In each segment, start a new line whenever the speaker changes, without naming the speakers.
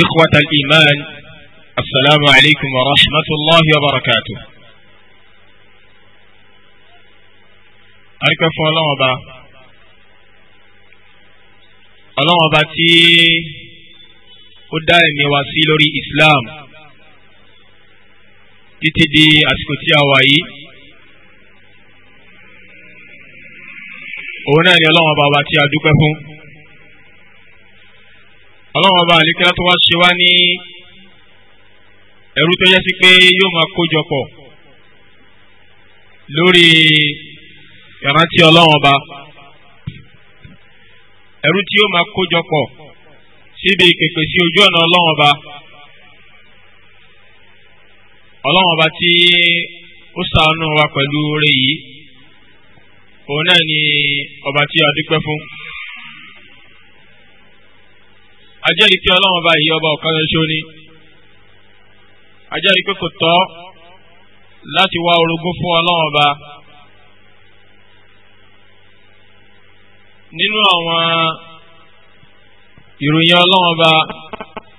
إخوة الإيمان السلام عليكم ورحمة الله وبركاته أركف الله أبا الله أبا تي قدام يواسيلوري إسلام títí di àsìkò tí a wà yìí òun náà ni ọlọ́run ọba ọba tí a dúpẹ́ fún ọlọ́wọ́n bá àlékẹ́lá tó wá ṣe wá ní ẹrú tó yẹ sí pé yóò máa kójọ pọ̀ lórí ìrántí ọlọ́wọ́n bá ẹrú tí yóò máa kójọ pọ̀ síbi ìpèpè sí ojú ọ̀nà ọlọ́wọ́n bá ọlọ́wọ́n bá tí ó ṣàánú wa pẹ̀lú oore yìí òun náà ni ọba tí a dúpẹ́ fún ajẹ́rìí tí ọlọ́run bá yí ọba ọ̀kan ṣoṣo ni ajẹ́rìí pé kò tọ́ láti wá orogún fún ọlọ́run ọba nínú àwọn ìròyìn ọlọ́run ọba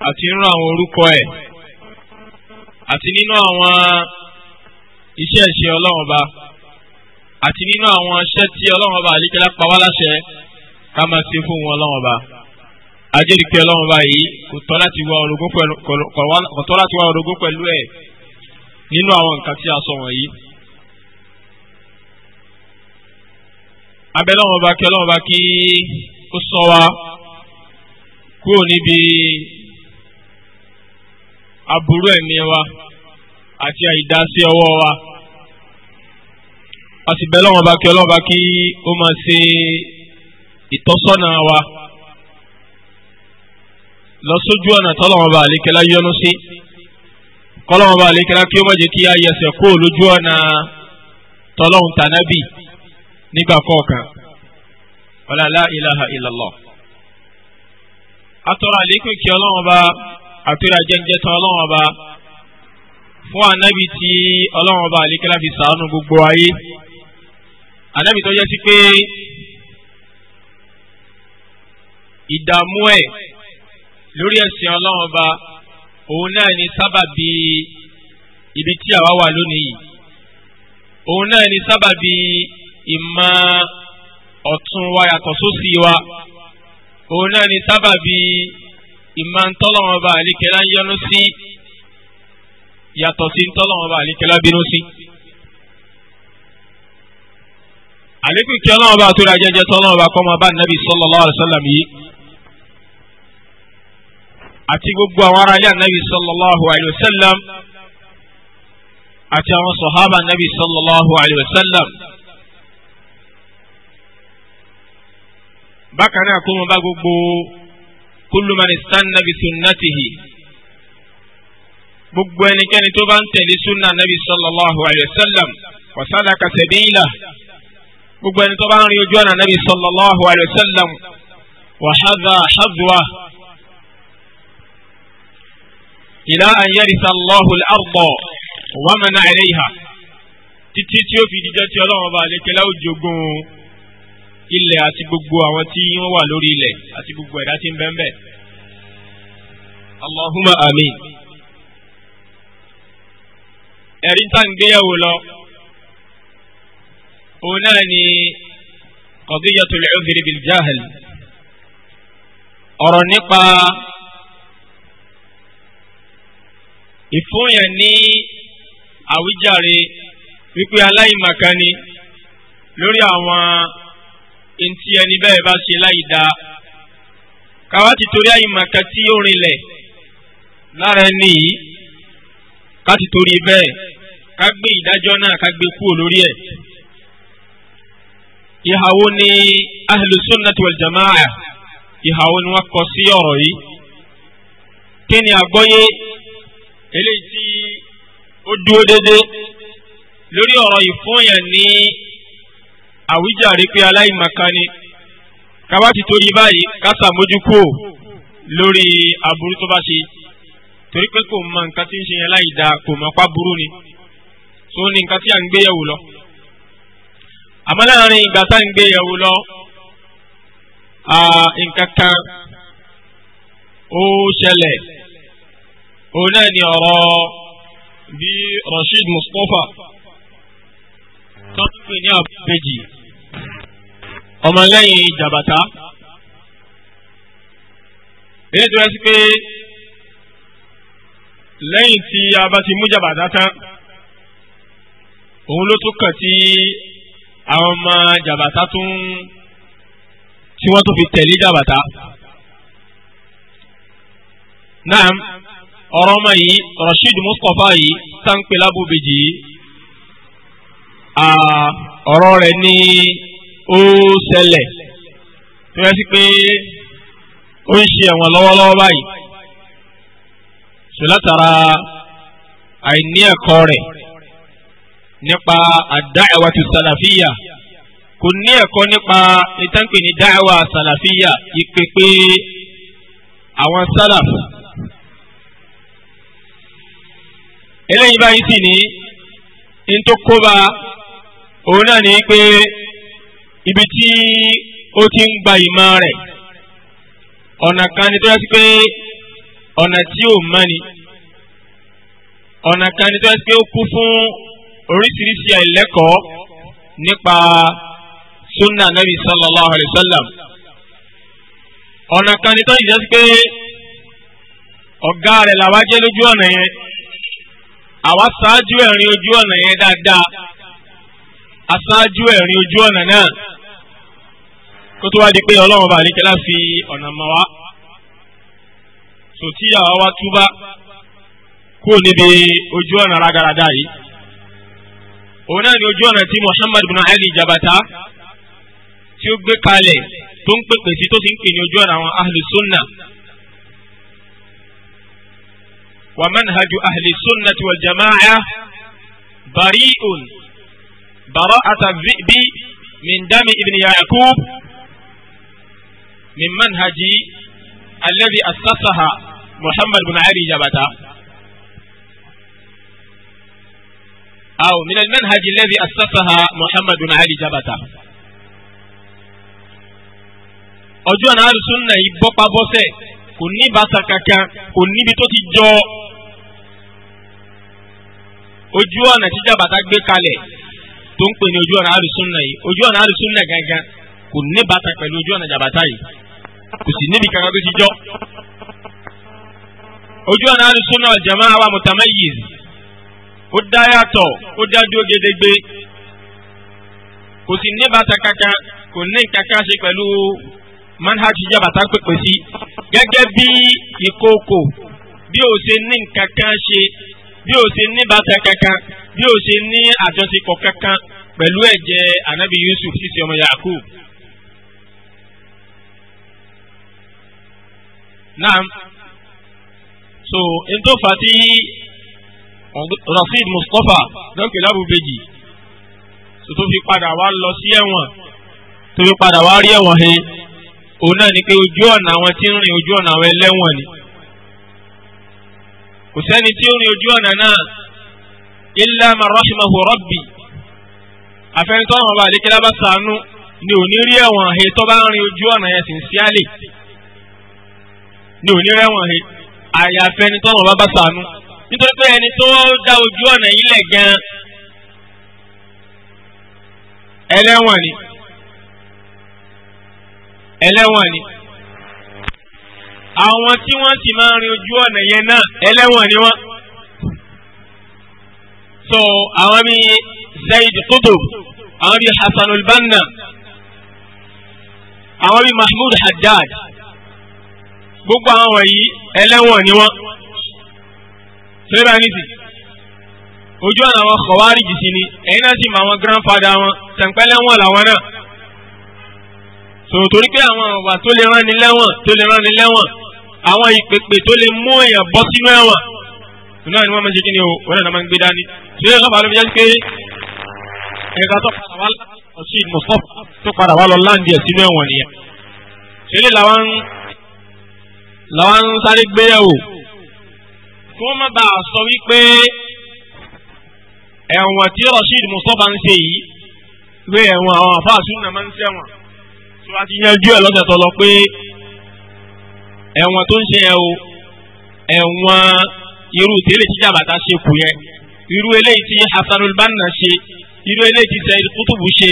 àti nínú àwọn orúkọ ẹ̀ àti nínú àwọn iṣẹ́ ìṣe ọlọ́run ọba àti nínú àwọn iṣẹ́ tí ọlọ́run ọba àdékẹ́lá pa wá láṣẹ ká máa ṣe fún wọn ọlọ́run ọba ajẹ́rìí pé ọlọ́run báyìí kò tọ́ láti wá orogún pẹ̀lú ẹ̀ nínú àwọn nǹkan tí a sọ wọ̀nyí. abẹ́ lọ́wọ́ bá kí ọlọ́run bá kí ó sọ wa kúrò níbi aburú ẹ̀mí wa àti àìdásí ọwọ́ wa. a sì bẹ́ lọ́wọ́ bá kí ọlọ́run bá kí ó máa ṣe ìtọ́sọ́nà wa lọ sójú ọ̀nà tọ́lọ́wọ́n bá àlékẹ́lá yọ́nú sí kọ́lọ́wọ́n bá àlékẹ́lá kí ó má jẹ́ kí a yẹsẹ̀ kó lójú ọ̀nà tọ́lọ́wọ́n tànábì nígbà kọ̀ọ̀kan wàlá la ilaha illallah. atọ́rọ̀ àlékún kí ọlọ́wọ́n bá àtúrà jẹ́njẹ́ tán ọlọ́wọ́n bá fún ànábì tí ọlọ́wọ́n bá àlékẹ́lá fi sàánú gbogbo ayé ànábì tó yẹ sí pé ìdààmú ẹ̀ lórí ẹ̀sìn ọlọ́run ọba òun náà ni sábàbí ibi tí àwa wà lónìí yìí òun náà ni sábàbí ìmọ̀ ọ̀tún wa yàtọ̀ sósì wa òun náà ni sábàbí ìmọ̀ ntọ́lọ́run ba àlékẹ́lá ń yọnu sí yàtọ̀ sí ntọ́lọ́run ọba àlékẹ́lá bínú sí. àlékún kí ọlọ́run ọba àtúrà jẹ́jẹ́ tọ́lọ́run ọba kọ́ ọmọ bá nàbì sallallahu alaihi wasallam yìí àti gbogbo àwọn ará ilé ànábì sallallahu alayhi wa sallam àti àwọn sọ̀hábà ànábì sallallahu alayhi wa sallam. bákan náà kó mo bá gbogbo kullu man istanna bi sunnatihi gbogbo ẹnikẹ́ni tó bá ń tẹ̀lé sunna nabi sallallahu alayhi wa sallam wa salaka sabila gbogbo ẹni tó bá ń rí ojú ọ̀nà nabi sallallahu alayhi wa sallam wa hadha hadwa ìlà أن yarisa الله الأرض ومن عليها man 'alayha títí tí ó fi jíjẹ́ tí ọlọ́run ọba àlékelá ó jogún ilẹ̀ àti gbogbo àwọn tí wọ́n wà lórí ilẹ̀ àti gbogbo ẹ̀dá tí ń bẹ ń bẹ. Allahumma amin. ẹ̀rí tá à gbéyàwó lọ òun náà ni qadiyatul udhri bil jahl nípa. ìfúnyàn ní àwíjàre wípé aláìmàkánni lórí àwọn ntí ẹni bẹ́ẹ̀ bá ṣe láì dáa káwá ti torí àyìnmàkà tí ó rinlẹ̀ lára ẹni yìí ká ti torí bẹ́ẹ̀ ká gbé ìdájọ́ náà ká gbé kúrò lórí ẹ̀. ìhàwó ni ahlu sunnati jama'a ìhàwó ni wọ́n kọ sí ọ̀rọ̀ yìí kí ni àgbọ́yé eléyìí tí ó dúró déédéé lórí ọ̀rọ̀ ìfọ́yàn ní àwíjàre pé aláìmọ̀kan ni kábà ti torí báyìí kásà mójúkó lórí aburú tó bá ṣe torí pé kò mọ nǹkan tí ń ṣe yẹn láì da kò mọ pa burú ni tó ní nǹkan tí à ń gbéyẹ̀wò lọ. àmọ́ láàrin ìgbà tá à ń gbéyẹ̀wò lọ nǹkan kan ó ṣẹlẹ̀ òun náà ni ọ̀rọ̀ bí Rasheed Mustapha tó ń pè ní àbújì ọmọlẹ́yìn jàbàtà èyí tó yẹ sí pé lẹ́yìn tí a bá ti mú jàbàtà tán òun ló tún kàn sí àwọn ọmọ jàbàtà tún tí wọ́n tún fi tẹ̀lé jàbàtà. Naam ọ̀rọ̀ ọmọ yìí Rasheed Mustapha yìí sáńpẹ́ lábúbejì yìí ọ̀rọ̀ rẹ̀ ní ó ṣẹlẹ̀ tó yẹ sí pé ó ń ṣe ẹ̀wọ̀n lọ́wọ́lọ́wọ́ báyìí ṣò látara àìní ẹ̀kọ́ rẹ̀ nípa àdáẹ̀wá ti sàlàfíyà kò ní ẹ̀kọ́ nípa ìtànkì ní dáẹ̀wá sàlàfíyà ìpèpè àwọn sálàfù. eléyìí báyìí sì ní ní tó kóbá òun náà ní pé ibi tí ó ti ń gba ìmọ̀ rẹ̀ ọ̀nà kan ni tó yẹ sí pé ọ̀nà tí ò mọ́ ni ọ̀nà kan ni tó yẹ sí pé ó kú fún oríṣiríṣi àìlẹ́kọ̀ọ́ nípa sunna nabi sallallahu alayhi wa sallam ọ̀nà kan ni tó yẹ sí pé ọ̀gá rẹ̀ làwa lójú ọ̀nà yẹn àwa ṣáájú ẹ̀rin ojú ọ̀nà yẹn dáadáa aṣáájú ẹ̀rin ojú ọ̀nà náà kó tó wá di pé ọlọ́run bá àlékẹ́lá fi ọ̀nà mọ́ wa sòtí àwa wá túbá kúrò níbi ojú ọ̀nà rádaràdà yìí òun náà ni ojú ọ̀nà tí Muhammad bin Ali Jabata tí ó gbé kalẹ̀ tó ń pèpè sí tó sì ń pè ní ojú ọ̀nà àwọn ahlu sunna. ومنهج أهل السنة والجماعة بريء براءة الذئب من دم ابن يعقوب من منهج الذي أسسها محمد بن علي جبتة أو من المنهج الذي أسسها محمد بن علي جبتة أجوان أهل السنة يبقى بوسي kò ní ìbáṣà kankan kò níbi tó ti jọ ojú ọ̀nà tí jàbàtà gbé kalẹ̀ tó ń pè ní ojú ọ̀nà àlùsùnà yìí ojú ọ̀nà àlùsùnà gangan kò ní ìbáṣà pẹ̀lú ojú ọ̀nà jàbàtà yìí kò sì níbi kankan tó ti jọ ojú ọ̀nà àlùsùnà ọ̀jẹ̀mọ́ àwa mutamayyiz ó dá yàtọ̀ ó dá dúró gédégbé kò sì ní ìbáṣà kankan kò ní kankan ṣe pẹ̀lú manhaj jabata ń pèpè sí gẹ́gẹ́ bí ìkookò bí o ṣe ní nǹkan kan ṣe bí o ṣe ní bàtà kankan bí o ṣe ní àjọṣepọ̀ kankan pẹ̀lú ẹ̀jẹ̀ anabi yusuf sísè ọmọ yakub. naam so ntòfà tí rasheed mustapha dọ́kì lábùbẹ́jì tó fi padà wá lọ sí ẹ̀wọ̀n tó fi padà wá rí ẹ̀wọ̀n he òun náà ni pé ojú ọ̀nà àwọn tí ń rìn ojú ọ̀nà àwọn ẹlẹ́wọ̀n ni kò sẹ́ni tí ó rìn ojú ọ̀nà náà illa man rahimahu rabbi àfẹnitọ́ ọ̀nà ọba àdékẹ́lá bá sànú ni ò ní rí ẹ̀wọ̀n he tó bá ń rìn ojú ọ̀nà yẹn sì ń sí àlè ni ò rí ẹ̀wọ̀n he àyàfẹnitọ́ ọ̀nà ọba bá sànú nítorí pé ẹni tó dá ojú ọ̀nà yìí lẹ̀ gan ẹlẹ́wọ̀n ni ẹlẹ́wọ̀n ni àwọn tí wọ́n sì máa ń rin ojú ọ̀nà yẹn náà ẹlẹ́wọ̀n ni wọ́n. so àwọn bíi Zaid Qutb àwọn bíi Hasan al-Banna àwọn bíi Mahmoud Haddad gbogbo àwọn wọ̀nyí ẹlẹ́wọ̀n ni wọ́n. sọ́yìnbá ní sì ojú ọ̀nà àwọn Khawarij sí ni ẹ̀yin náà sì mọ àwọn grandfather wọn tẹ̀ǹpẹ́lẹ́wọ̀n làwọn náà so torí pé àwọn ọ̀wà tó lè ránni lẹ́wọ̀n tó lè ránni lẹ́wọ̀n àwọn ìpèpè tó lè mú èèyàn bọ́ sínú ẹ̀wọ̀n náà ni wọ́n máa ń ṣe kí ni o wọ́n náà máa ń gbé dání tí yóò sọ́fà ló fi jẹ́ pé ẹ̀ka tó padà wá lọ sí Mustapha tó padà wá lọ láǹdì ẹ̀ sínú ẹ̀wọ̀n nìyẹn ṣẹlẹ̀ làwọn làwọn ń sáré gbéyàwó kí wọ́n má bàa sọ wípé ẹ̀wọ̀n tí Rasheed Mustapha ń ṣe yìí wé ẹ̀wọ̀n àwọn àfáàsùn náà máa ń ṣẹ̀wọ̀n tó a ti yanjú ẹ̀ lọ́sẹ̀ tó lọ pé ẹ̀wọ̀n tó ń ṣe ẹ o ẹ̀wọ̀n irú tẹ́lẹ̀ tí jàbàtà ṣe kù yẹn irú eléyìí tí Hasanul Banna ṣe irú eléyìí tí Said Kutubu ṣe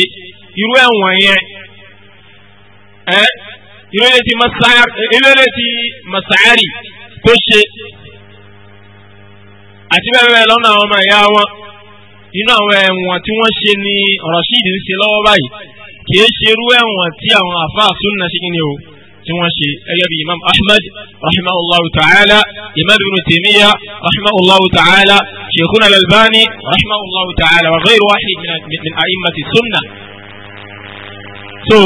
irú ẹ̀wọ̀n yẹn ẹ irú eléyìí tí Masari tó ṣe àti bẹ́ẹ̀ bẹ́ẹ̀ lọ́nà àwọn ọmọ ìyá wọn inú àwọn ẹ̀wọ̀n tí wọ́n ṣe ni Rashid ń ṣe lọ́wọ́ báyìí kìí ṣerú ẹ̀wọ̀n tí àwọn àfáà súnà ṣe kíni o tí wọ́n ṣe ẹgẹ́ bíi imam ahmed rahimahullahu ta'ala imam ibn taymiya rahimahullahu ta'ala sheikhuna al-albani rahimahullahu ta'ala wa ghayr wahid min a'immati sunna. so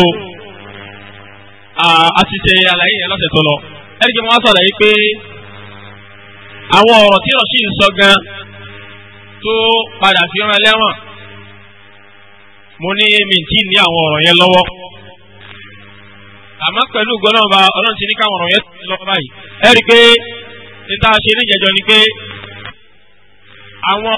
ah, a ti ṣe àlàyé yẹn lọ́sẹ̀ tó lọ ẹni tí sọ̀rọ̀ yìí pé àwọn ọ̀rọ̀ tí rashid sọ gan tó padà fi rán ẹlẹ́wọ̀n mo ní mi ti ní àwọn ọ̀rọ̀ yẹn lọ́wọ́ àmọ́ pẹ̀lú gbọ́dọ̀ba ọlọ́run ti ní káwọn ọ̀rọ̀ yẹn ti lọ́wọ́ báyìí ẹ rí i pé níta ṣe níjẹjọ ni
pé àwọn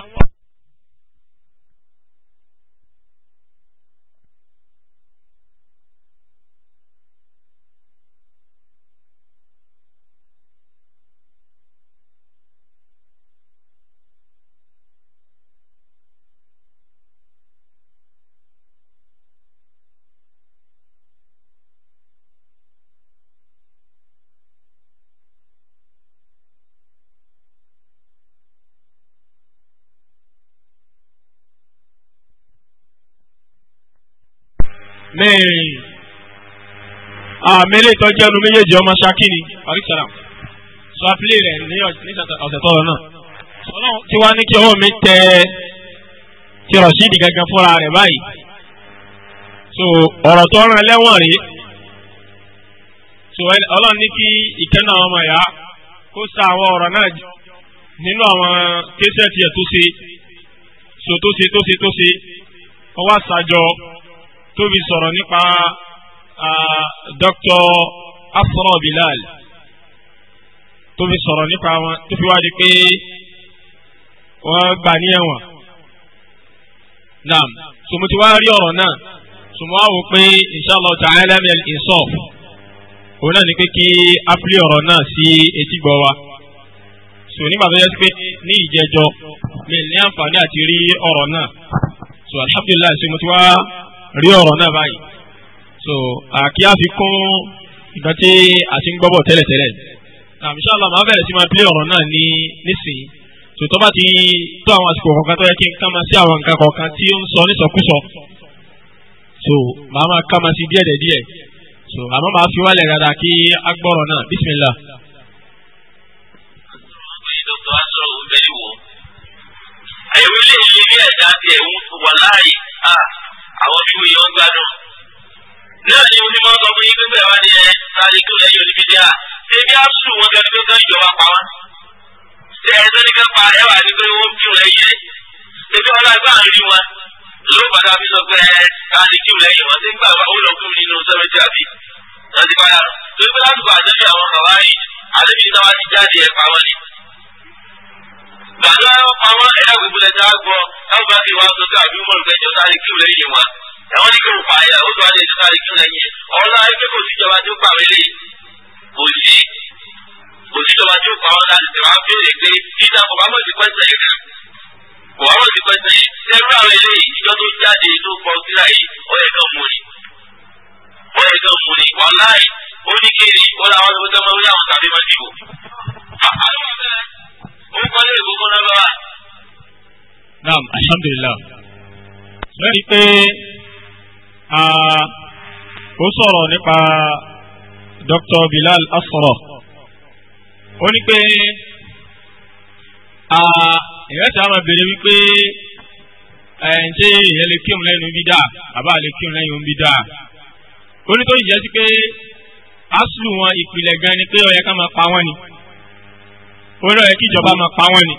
mẹ́rin
àmẹ́lẹ́ ìtọ́jú ẹnu méjèèjì ọmọ ṣakíni àríkìsára sọ àpilé rẹ̀ ní ọ̀sẹ̀ tọ́lọ náà sọlọ́ ti wá ní kí ọwọ́ mi tẹ ti rọ̀ṣídì gangan fúnra rẹ̀ so ọ̀rọ̀ tó rán ẹlẹ́wọ̀n rèé so ọlọ́run ní kí ìkẹ́nà ọmọ ẹ̀yà kó sa àwọn ọ̀rọ̀ náà nínú àwọn késẹ́ẹ̀tì ẹ̀ tó ṣe so tó ṣe tó ṣe tó ṣe ọwọ́ àṣàjọ tó fi sọ̀rọ̀ nípa Dr. Asra Bilal tó fi sọ̀rọ̀ nípa wọn tó fi wá di pé wọ́n gbà ní ẹ̀wọ̀n naam sọmọ tí wàá rí ọ̀rọ̀ náà sọmọ wàá wò pé inshallah ta'ala min al òun náà ni pé kí ápìlì ọ̀rọ̀ náà sí etígbọ̀ wa sọ nígbà tó yẹ pé ní ìjẹjọ mi ní àǹfààní àti rí ọ̀rọ̀ náà sọ alhamdulilayi sọmọ tí wàá rí ọ̀rọ̀ náà báyìí so àkí àfikún nǹkan tí a ti ń gbọ́bọ̀ tẹ́lẹ̀tẹ́lẹ̀ inshallah máa bẹ̀rẹ̀ sí máa pílé ọ̀rọ̀ náà ní nísìnyí so tó bá ti tó àwọn àsìkò kọ̀ọ̀kan tó yẹ kí n ká máa sí àwọn nǹkan kọ̀ọ̀kan tí ó ń sọ nísọkúsọ so màá máa ká máa sí díẹ̀ díẹ̀ so àmọ́ màá fi wálẹ̀ dáadáa kí á gbọ́rọ̀ náà bismillah.
àyẹ̀wò ilé ìṣe bí ẹ̀dá tiẹ̀ ń wà láàyè àwọn tí wọ́n yọ ń gbádùn. náà ni mo ti máa ń sọ fún yín pípẹ́ wá ní ẹ sáré kí ó lẹ́yìn òní bídíà ebi á sùn wọn kẹ́ni pé kán ìjọba pa wá. ṣé ẹ sẹ́ni kan pa ẹwà ni pé wọ́n kí òun lẹ́yìn ẹ̀ ṣètò ọlọ́gbà ń rí wọn ló padà fi sọ pé ẹ sáré kí òun lẹ́yìn wọn ti gbà ó lọ kú nínú sẹ́mẹ́tì àbí wọ́n ti padà tó pé láti gbà àjẹbí àwọn kàwáyé àjẹbí náà wá ti jáde ẹ̀ pa wọn ni. Bàbá àwọn ẹ̀yà gbogbo ẹ̀dá gbọ́, ẹ̀wọ̀n bá fi wá sọ sí àbí mọ̀rùn gẹ́jọ́ sáré kí ó lẹ́yìn wọn. Ẹ̀wọ̀n ní kí ó pààyà, ó tó wá lè sáré kí ó lẹ́yìn. Ọlá ayé kò sí ìjọba tó gbà wẹ́lẹ̀. Kò sí. Kò sí ìjọba tó pa ọ̀la ìjọ wa béèrè pé Peter kò bá mọ̀ sí pẹ́sẹ̀ yìí. Kò bá mọ̀ sí pẹ́sẹ̀ yìí. Sẹ́rú àwọn eléyìí ìjọ tó jáde tó kọ síra yìí, ó yẹ kán mú ni. Ó yẹ kán mú ni. Wàláì, ó ní kéde, ó làwọn ọmọdé ọmọ orí àwọn tàbí máa ó kọ́ lé ìbò fún lábẹ́ wa.
naam alhamdulillah lẹ́yìn pé ó sọ̀rọ̀ nípa Dr. Bilal Asra ó ní pé ìrẹsì àwọn abèrè wípé ṣé ìyẹn lè kírun lẹ́nu bí dáa bàbá lè kírun lẹ́nu bí dáa ó ní tó yẹ sí pé aṣù ìpìlẹ̀ gan ni pé ó máa pa wọ́n ni. orí ẹ̀ kí ìjọba máa pa wọ́n ni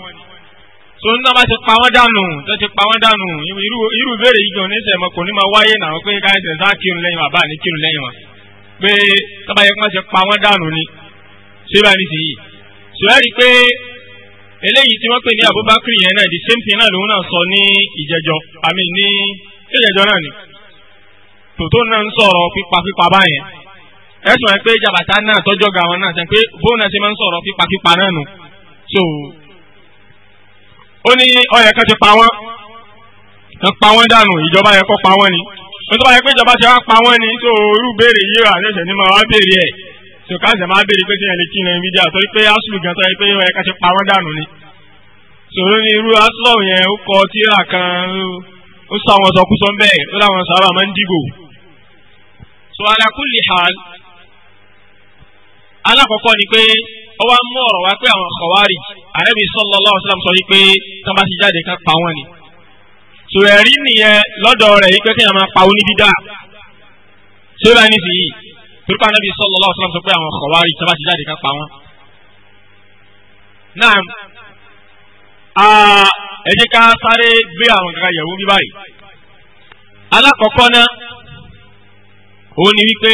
so nígbà bá ti pa wọ́n dànù tó ti pa wọ́n dànù irú ìbéèrè yìí gan kò ní máa wáyé náà pé sá kírun lẹ́yìn wọn àbá ní kírun lẹ́yìn wọn pé tọ́ba yẹ kí wọ́n ti pa wọ́n dànù ni ṣé ní sí yìí pé eléyìí tí wọ́n pè ní Abubakar yẹn náà same thing náà lòun náà sọ ní ìjẹjọ àmì ní ìjẹjọ náà ni náà ń sọ̀rọ̀ báyẹn ẹ̀sùn pé jàbàtà náà tọ́jọ́ ga wọn náà sẹ́ pé bóun náà ṣe máa ń sọ̀rọ̀ náà nù. so ó ní ọyẹ kan ti pa wọ́n kan pa dànù ìjọba pa ni wọ́n tó pé ìjọba ti wá pa ni so irú béèrè yìí rà ní wá béèrè so máa béèrè pé lè kí pé gan tó yẹ pé ọyẹ kan ti pa ni ní irú yẹn ó kọ tíra kan ó sọ àwọn ó wá mú ọ̀rọ̀ wá pé àwọn Khawarij àrẹ́bí sallallahu alaihi wasallam sọ wípé tán bá ti jáde ká pa wọ́n ni. sọ̀rọ̀ ẹ̀rí nìyẹn lọ́dọ̀ rẹ̀ yìí pé kéèyàn máa pa oníbídà ṣé bá nífi yìí torípa àrẹ́bí sallallahu alaihi wasallam sọ pé àwọn Khawarij tán bá ti jáde ká pa wọ́n. Naam ẹ jẹ́ ká sáré gbé àwọn kankan yẹ̀wò bí alákọ̀ọ́kọ́ náà òun ni wípé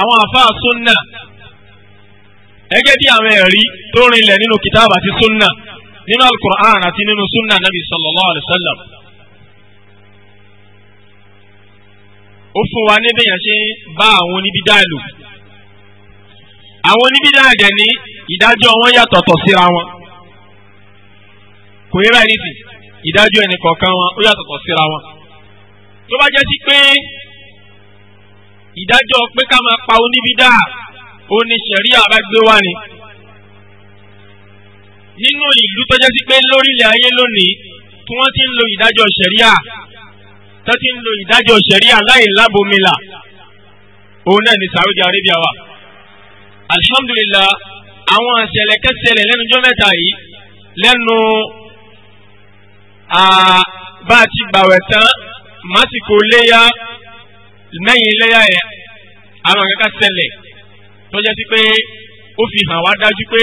àwọn àfáà súnà gẹ́gẹ́ bí àwọn ẹ̀rí tó rinlẹ̀ nínú kitaaba àti súnà nínú alukur'an àti nínú súnà nabi sallallahu alayhi wa sallam. ó fún wa níbẹ̀ yẹn ṣe bá àwọn oníbídà lò àwọn oníbídà dẹ̀ ní ìdájọ́ wọn síra wọn kò ìdájọ́ kọ̀ọ̀kan wọn ó síra ìdájọ́ pé ká máa pa oníbídà ó ní sẹ̀rí àbágbé wá ni. nínú ìlú tó jẹ́ sí pé lórílẹ̀ ayé lónìí tí wọ́n ti ń lo ìdájọ́ sẹ̀ríà tó ti ń lo ìdájọ́ sẹ̀ríà láì lábòmílà òun náà ni Saudi Arabia wà. alhamdulillah àwọn àṣẹlẹ̀ kẹsẹlẹ̀ lẹ́nu jọ́ mẹ́ta yìí lẹ́nu bá a ti gbàwẹ̀ tán màsìkò léyà lẹ́yìn iléyà yẹn àwọn kankan ṣẹlẹ̀ tó jẹ́ sí pé ó fi hàn wá dájú pé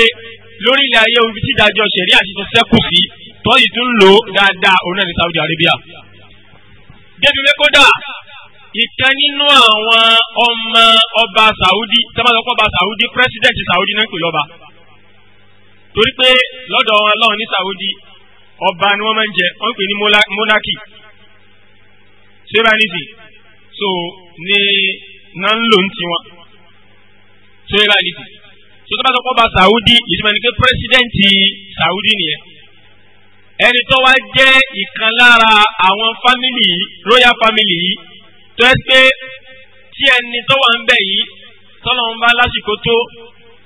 lórí ilẹ̀ ayé omi tí ìdájọ́ ṣẹ̀rí àti sẹ́kù sí tọ́yì tún lò dáadáa òun náà ní Saudi Arabia. débi pé kódà ìkan nínú àwọn ọmọ ọba Saudi sábàtọ́kọ́ ọba Saudi pírẹsidẹ́ǹtì Saudi náà ń pè lọ́ba torí pé lọ́dọ̀ wọn lọ́wọ́ ní Saudi ọba ni wọ́n máa ń jẹ wọ́n pè ní monarchy ṣé so ní náà ń lò ń tiwọn tó yẹ báyìí nìyí tó tó bá sọ pé ọba Saudi ìtumọ̀ ní pé pírẹsidẹ́ǹtì Saudi nìyẹn ẹni tó wá jẹ́ ìkan lára àwọn fámìlì yìí royal family yìí tó yẹ pé tí ẹni tó wà ń bẹ̀ yìí tọ́lọ́mùbá lásìkò tó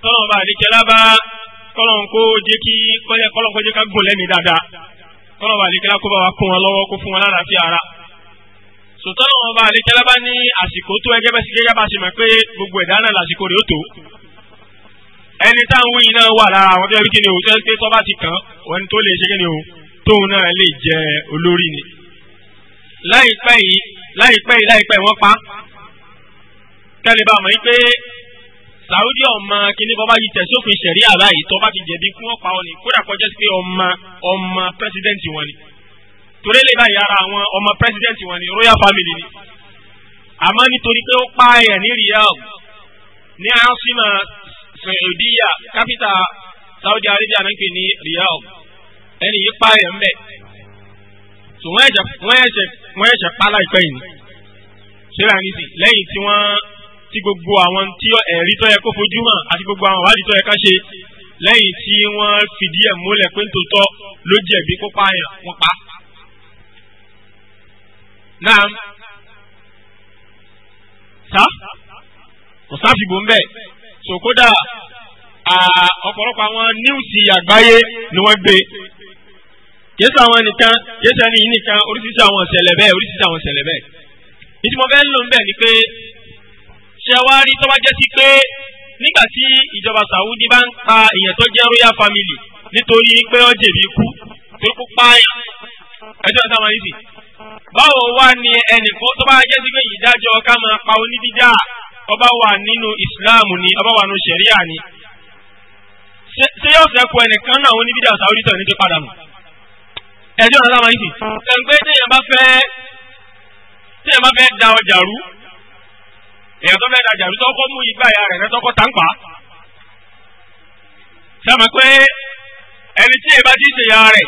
tọ́lọ́mùbá àdékẹ́lá bá kọ́lọ́n kó jẹ́ kí kọ́lọ́n kó jẹ́ ká gùn lẹ́mìí dáadáa tọ́lọ́mùbá àdékẹ́lá kó bá wa kún wọn lọ́wọ́ kó fún wọn lálàáfíà ara sòtọ́ àwọn ọba àlékẹ́lá bá ní àsìkò tó ẹgẹ́ bẹ́sí gẹ́gẹ́ bá ṣe mọ̀ pé gbogbo ẹ̀dá náà làsìkò rẹ̀ ó tó ẹni táwọn yìí náà wà lára àwọn tó yẹ kí ni o tó yẹ pé tọ́ba ti kàn òun tó lè ṣe kí ni o tóun náà lè jẹ olórí ni láìpẹ́ yìí láìpẹ́ yìí láìpẹ́ wọ́n pa kẹ́lẹ́ bá mọ̀ yín pé Saudi ọmọ kíní bọ́bá yìí tẹ̀ sófin ṣẹ̀ríà báyìí tọ́ba ti jẹ̀bi kí wọ́n pa ọ ni torí lè báyìí ara àwọn ọmọ president wọn ni royal family ni àmọ́ nítorí pé ó pààyàn ní Riyadh ní asima Saudiya kápítà Saudi Arabia náà ń pè ní Riyadh ẹni yìí pààyàn mbẹ so wọ́n ẹ̀ṣẹ̀ wọ́n ẹ̀ṣẹ̀ wọ́n ẹ̀ṣẹ̀ pálá ìpẹ́ yìí ṣẹlẹ̀ àníṣe lẹ́yìn tí wọ́n ti gbogbo àwọn tí ẹ̀rí tó yẹ kó fojú hàn àti gbogbo àwọn ìwádìí tó ká ṣe lẹ́yìn tí wọ́n fìdí ẹ̀ múlẹ̀ pé ń tòótọ́ ló jẹ̀bi kó pààyàn wọ́n pa náà SA, kò sáfìgbò ń bẹ so kódà ọ̀pọ̀lọpọ̀ àwọn níwùsì àgbáyé ni wọ́n gbé kéésì àwọn nìkan kéésì ẹni yìí nìkan oríṣiríṣi àwọn ìṣẹ̀lẹ̀ bẹ́ẹ̀ oríṣiríṣi àwọn ìṣẹ̀lẹ̀ bẹ́ẹ̀ ìdí mo fẹ́ ń lò ń bẹ̀ ni pé ṣé wá rí tó jẹ́ sí pé nígbà tí ìjọba Saudi bá ń pa èèyàn tó jẹ́ royal family nítorí pé ó jẹ̀bi ikú torí kó pààyàn ẹjọ́ ìta yìí sì báwo wá ni ẹnìkan tó bá jẹ́ sí pé ìdájọ́ ká máa pa ọba wà nínú Islam ni ọba wà nínú ni ṣé yóò sẹ́kù ẹnìkan náà onídídá sáwọ́dí tẹ̀lé tó padà nù ẹjọ́ náà láwọn yìí kẹ̀ǹgbẹ́ téèyàn bá fẹ́ téèyàn bá fẹ́ da ọjà rú tó fẹ́ da ọjà rú tọ́kọ́ mú igbá ti ṣèyà rẹ̀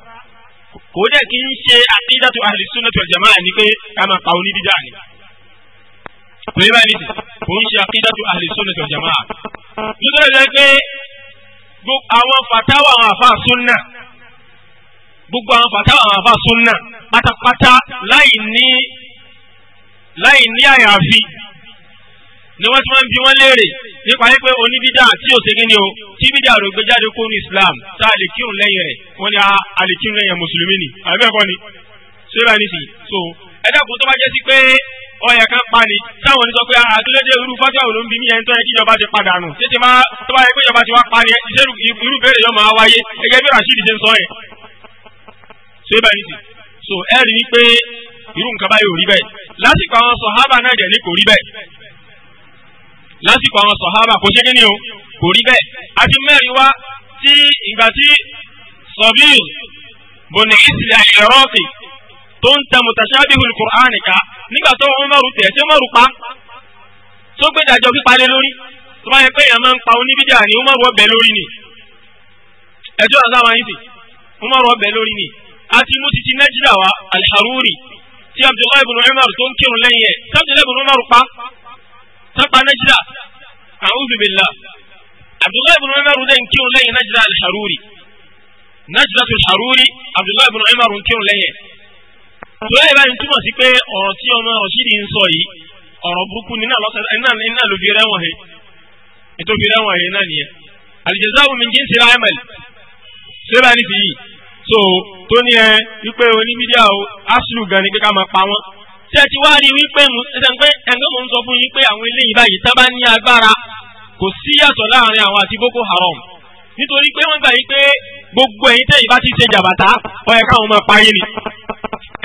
kò dẹ̀ kí ń ṣe àkídàtú ahli sunnah wal jama'a ni pé ká máa pa oníbídà ni. pèlè báyìí nìyí kò ń ṣe àkídàtú ahli sunnah wal jama'a. nítorí ẹ̀ pé àwọn fatawa àwọn àfa súnà gbogbo àwọn fatawa àwọn àfa súnà pátápátá láì ní láì ní àyàfi ni wọ́n ti máa ń bi wọ́n léèrè nípa yí pé oníbídà tí ò ṣe kíni o tí bídà rò gbé jáde kó ní Islam tá a lè kírun lẹ́yìn rẹ̀ wọ́n ní a lè kírun lẹ́yìn mùsùlùmí ni àbẹ́ ẹ̀kọ́ ni ṣébà ní sí so ẹ dákun tó bá jẹ́ sí pé ọyẹ kan pa ni táwọn ní sọ pé àtúndéjé irú fásiá òun ló ń bí mí ẹni tó yẹ kí ìjọba ti padà nù tètè máa tó bá yẹ pé ìjọba ti wá pa ni irú béèrè yọ máa wáyé gẹ́gẹ́ bí Rasheed ṣe ń sọ yẹn ṣébà ní sí so ẹ rí i pé irú nǹkan báyìí ò rí bẹ́ẹ̀ lásìkò àwọn sọ̀hábà náà dẹ̀ ní kò rí bẹ́ẹ̀ lásìkò àwọn sọ̀hábà kò ṣe kíni o kò rí bẹ́ẹ̀ a ti mẹ́rin wá tí ìgbà tí sọ̀bíl bọ̀nì ìsìlẹ̀ ẹ̀rọ́ọ̀sì tó ń ta mutashabihul Qur'an ká nígbà tó ń mọ̀rù tẹ̀ ṣé mọ̀rù pa tó gbé dàjọ́ pípa lé lórí tó bá yẹ pé èèyàn máa ń pa oníbídà ni ó mọ̀rù ọbẹ̀ lórí ni ẹjọ́ àzáwọn yìí sì ó mọ̀rù ọbẹ̀ lórí ni a ti mú titi nẹ́jìdà wa al tí Abdullahi ibn Umar tó ń kírun lẹ́yìn ẹ̀ tí Abdullahi pa tọ́pa nájìlá a'udhu billah abdullahi ibn umar dẹ̀ ń kírun lẹ́yìn nájìlá al-haruri nájìlá tó al-haruri abdullahi ibn umar ń kírun lẹ́yìn. abdullahi ibn túmọ̀ sí pé ọ̀rọ̀ tí ọmọ ọ̀ṣìrì ń sọ yìí ọ̀rọ̀ burúkú ni náà ló fi rẹ́wọ̀n he ètò fi rẹ́wọ̀n he náà nìyẹn al-jazā'u min jinsi al-'amal sẹ́bà ní fi yìí so tó ní ẹ wípé onímídíà o aslu gan ni pé ká pa wọ́n tẹ́tí wá rí wípé ẹ̀ńgọ́ mò ń sọ fún yín pé àwọn eléyìí báyìí tá bá ní agbára kò sí yàtọ̀ láàrin àwọn àti Boko Haram nítorí pé wọ́n gbà yí pé gbogbo ẹ̀yin tẹ́yìn bá ti ṣe jàbàtà ọ̀yẹ̀ káwọn máa parí ni.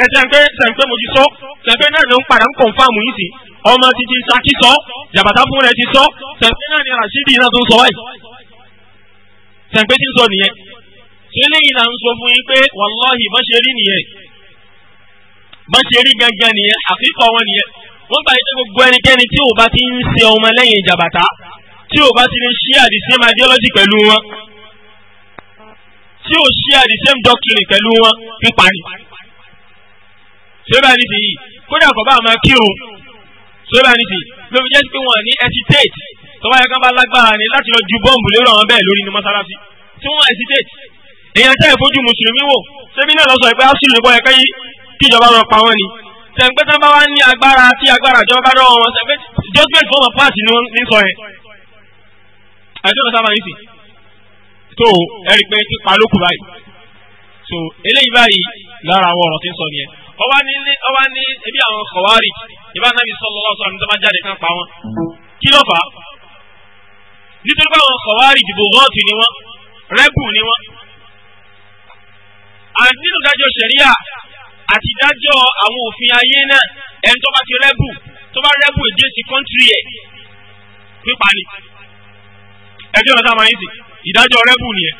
ẹ sẹ́ńpẹ́ sẹ́ńpẹ́ mo ti sọ sẹ́ńpẹ́ náà ni ó ń padà ń kọ̀nfàmù yìí sí ọmọ ti ti saki sọ jàbàtà fún rẹ ti sọ sẹ́ńpẹ́ náà ni Rashidi náà tó ń sọ báyìí sẹ́ńpẹ́ ti ń sọ nìyẹn. sílẹ̀ yìí là ń sọ fún yín pé wàláhì bá ṣe rí nìyẹn bá ṣe rí gangan nìyẹn àfikọ́ wọn nìyẹn wọ́n gbà yín pé gbogbo ẹnikẹ́ni tí ò bá ti ń ṣe ọmọ lẹ́yìn ìjàbàtà tí ò bá ti ní ṣí àdì same ideology pẹ̀lú wọn tí ò ṣí àdì same doctrine pẹ̀lú wọn pípa ni. ṣé bá ní ti yìí kódà kọ́ bá máa kírun ṣé bá ní ló fi jẹ́ pé wọ́n ní hesitate tọ́wọ́ yẹn kan bá lágbára ni láti lọ ju bọ́ǹbù lérò àwọn bẹ́ẹ̀ lórí ní mọ́sálásí tí wọ́n hesitate èèyàn tẹ́ ìfojú mùsùlùmí wò ṣé bí náà lọ sọ ìpè kíjọba lọ pa wọ́n ni sẹ̀ǹpẹ́ tá bá wá ní agbára tí agbára ìjọba lọ́wọ́ wọn sẹ̀ǹpẹ́ judgment fún wọn pass ní sọ yẹn àìsàn sábà yìí sì tó ẹ̀rí pé ti pa lókù báyìí so eléyìí báyìí lára àwọn ọ̀rọ̀ tí ń sọ nìyẹn ọba ní ọba ní ebi àwọn kọ̀wárì ìbá nàbí sallallahu alaihi wasallam tó máa jáde kan pa wọn kí ló fà á nítorí pé àwọn kọ̀wárì dìbò gọ́ọ̀tì ni wọ́n rẹ́bù ni wọ́n àti nínú ìdájọ́ ṣẹ̀ríyà àti ìdájọ́ àwọn òfin ayé náà ẹni tó bá ti rẹ́bù tó bá rẹ́bù against country ẹ̀ pípa ni ẹjọ́ ọ̀dọ́ táwọn yìí sì ìdájọ́ rẹ́bù nìyẹn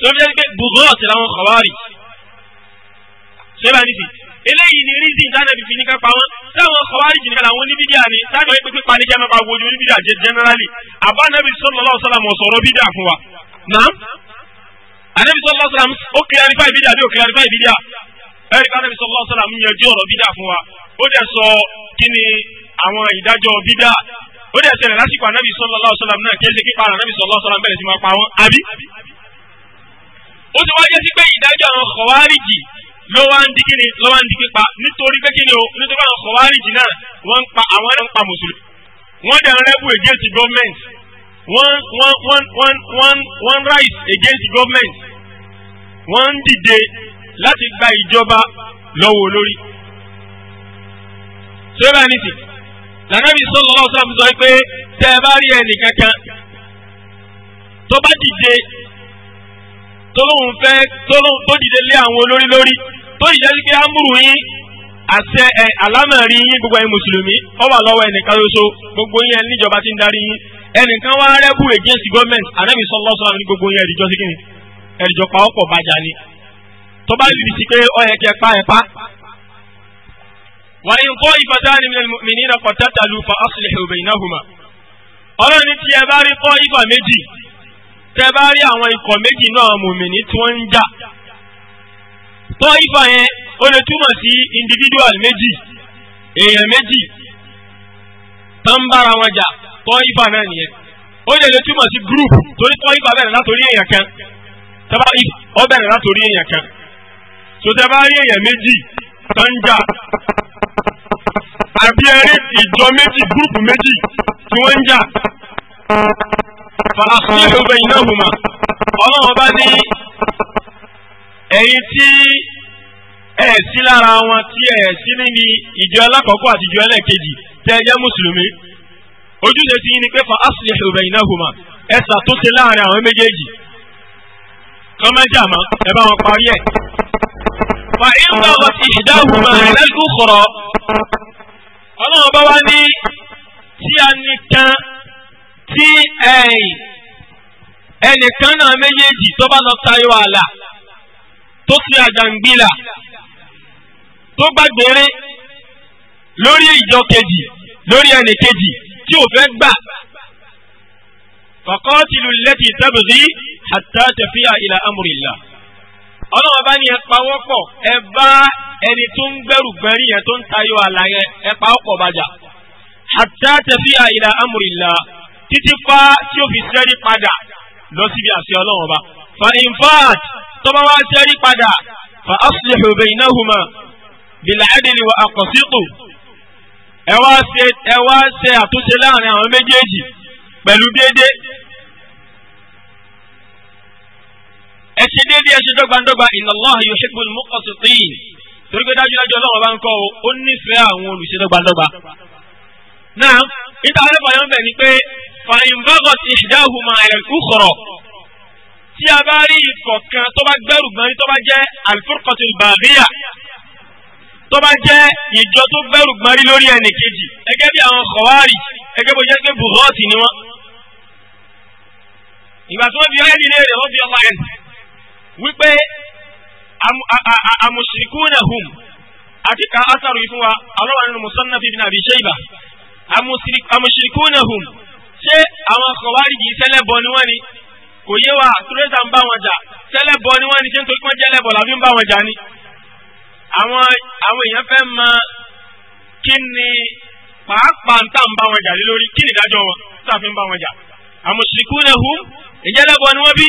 tó fi jẹ́ pé bùgọ́ọ̀tì làwọn kọ̀wárì ṣé bá nìsí eléyìí ni reason dáná bìbí ní kápá wọn táwọn kọ̀wárì jìnnìkan làwọn oníbídíà a táwọn yìí pípa ní kẹ́mẹ́ bá wojú oníbídíà jẹ generally àbá anábì sallallahu alaihi wasallam sọ̀rọ̀ bídíà fún wa náà anábì sallallahu alaihi wasallam ó clarify bídíà bí ó clarify bídíà ẹ̀rí bá nàbí sọlọ́ sọlá mú yanjú ọ̀rọ̀ bídà fún wa ó dẹ̀ sọ kí ni àwọn ìdájọ́ bídà ó dẹ̀ ṣẹlẹ̀ lásìkò ànábì sọlọ́ sọlá náà kí ẹ ṣe pípa ànábì sọlọ́ sọlá bẹ̀rẹ̀ sí máa pa wọn àbí. ó ti wáyé sí pé ìdájọ́ àwọn kọ̀wárìjì ló wá ń di kí ni ló wá ń di pípa nítorí pé kí ni o nítorí àwọn kọ̀wárìjì náà wọ́n ń pa àwọn náà ń pa mùsùlùmí wọ́n dẹ̀ ń rẹ́bù against the government wọ́n wọ́n wọ́n wọ́n wọ́n rise against the government wọ́n ń dìde láti gba ìjọba lọ́wọ́ olórí. sọ́yọ́bà ní sì lànàbí sọ́lọ́ náà sọ́ọ́ sọ pé tẹ́ ẹ bá rí ẹnì kankan tó bá dìde tó lóun fẹ́ tó dìde lé àwọn olórí lórí tó ìjẹ́sí pé ámúrù yín àṣẹ ẹ àlámẹ̀rí yín gbogbo ẹ̀yin mùsùlùmí ó wà lọ́wọ́ ẹnìkan lóso gbogbo yín ẹni níjọba tí ń darí yín ẹnìkan wá rẹ́bù against government ànábì sallallahu alaihi wasallam ní gbogbo yín ẹ̀dìjọ́ sí kìnnì ẹ̀dìjọ́ pàwọ́pọ̀ bàjá ni tó bá lè sí pé ó yẹ kí ẹ pa ẹ pa. wa in ta'ifatani minal mu'minina iqtatalu fa aslihu baynahuma. ọlọ́run ní tí ẹ bá rí tọ́ ìfà méjì tẹ́ bá rí àwọn ikọ̀ méjì náà mùmìnì tí wọ́n ń jà. tọ́ ìfà yẹn ó lè túmọ̀ sí individual méjì èèyàn méjì tó ń bára wọn jà tọ́ ìfà náà nìyẹn. ó lè lè túmọ̀ sí group torí tọ́ ìfà bẹ̀rẹ̀ látòrí èèyàn kan tọ́ ìfà ó bẹ̀rẹ̀ látòrí èèyàn kan sọtẹ́ bá rí èèyàn méjì tó ń jà àbí ẹrí ìjọ méjì gúrùpù méjì tí wọ́n ń jà fàásùlẹ̀ òbẹ̀ iná hùmà ọlọ́run bá ní ẹ̀yin tí ẹ̀ sí lára wọn tí ẹ̀ sí níbi ìjọ alákọ̀ọ́kọ́ àti ìjọ ẹlẹ́ẹ̀kejì tẹ́ ẹ jẹ́ mùsùlùmí ojúṣe ti yín ni pé fàásùlẹ̀ òbẹ̀ iná hùmà ẹ ṣàtúnṣe láàrin àwọn méjèèjì kọ́mẹ́jà mọ́ ẹ bá wọn parí ẹ̀ fàyín bàbá ti ìdáhùn máa ẹlẹ́dù kọ̀rọ̀ ọlọ́run bá wá ní tí a nìkan tí ẹ̀yìn ẹnìkan náà méjèèjì tó bá lọ tayọ ààlà tó ti àjàngbìlà tó gbàgbére lórí ìjọ kejì lórí ẹnì kejì tí ò fẹ́ gbà faqatilu allati tabghi hatta tafi'a ila amrillah ọlọ́run bá ní ẹ pawọ́pọ̀ ẹ bá ẹni tó ń gbẹrù gbẹrí yẹn tó ń tayọ àlà yẹn ẹ pawọ́pọ̀ bàjá hatta tafiya ila amrillah títí fa tí ó fi sẹ́rí padà lọ síbi àṣẹ ọlọ́run ọba fa in tó bá wá sẹ́rí padà fa aslihu baynahuma bil adli wa aqsitu ẹ wá ṣe àtúnṣe láàrin àwọn méjèèjì pẹ̀lú déédéé ẹ ṣe déédéé ẹ ṣe dọ́gbandọ́gba inna Allaha yuhibbul muqsitin torí pé dájúdájú ọlọ́run bá ń kọ́ ó nífẹ̀ẹ́ àwọn olùṣe dọ́gbandọ́gba. náà níta alẹ́fàyọ́ ń bẹ̀ ni pé fàyín bọ́gọ̀ ti ihdahuma ala al-ukhra tí a bá rí ìkọ̀kan tó bá gbẹ́rù gbọ́n tó bá jẹ́ al-furqatul ba'diyya tó bá jẹ́ ìjọ tó gbẹ́rù gbọ́n rí lórí ẹnì wípé àmùsìkúnà hum àti ká átàrù yìí fún wa alọ́wà nínú musannaf ibn abi shayba àmùsìkúnà hum ṣé àwọn khawariji tẹ́lẹ̀ bọ ni wọ́n ni kò yé wa tùrẹ́sà ń bá wọn jà tẹ́lẹ̀ bọ ni wọ́n ni ṣé nítorí pọ́n jẹ́lẹ̀ bọ̀ làbí ń bá wọn jà ni. àwọn àwọn èèyàn fẹ́ mọ kí ni pàápàá ń tà ń bá wọn jà lé lórí kí ni ìdájọ́ wọn tá fi ń bá wọn jà àmùsìkúnà hum ìjẹ́lẹ̀ bọ ni wọ́n bí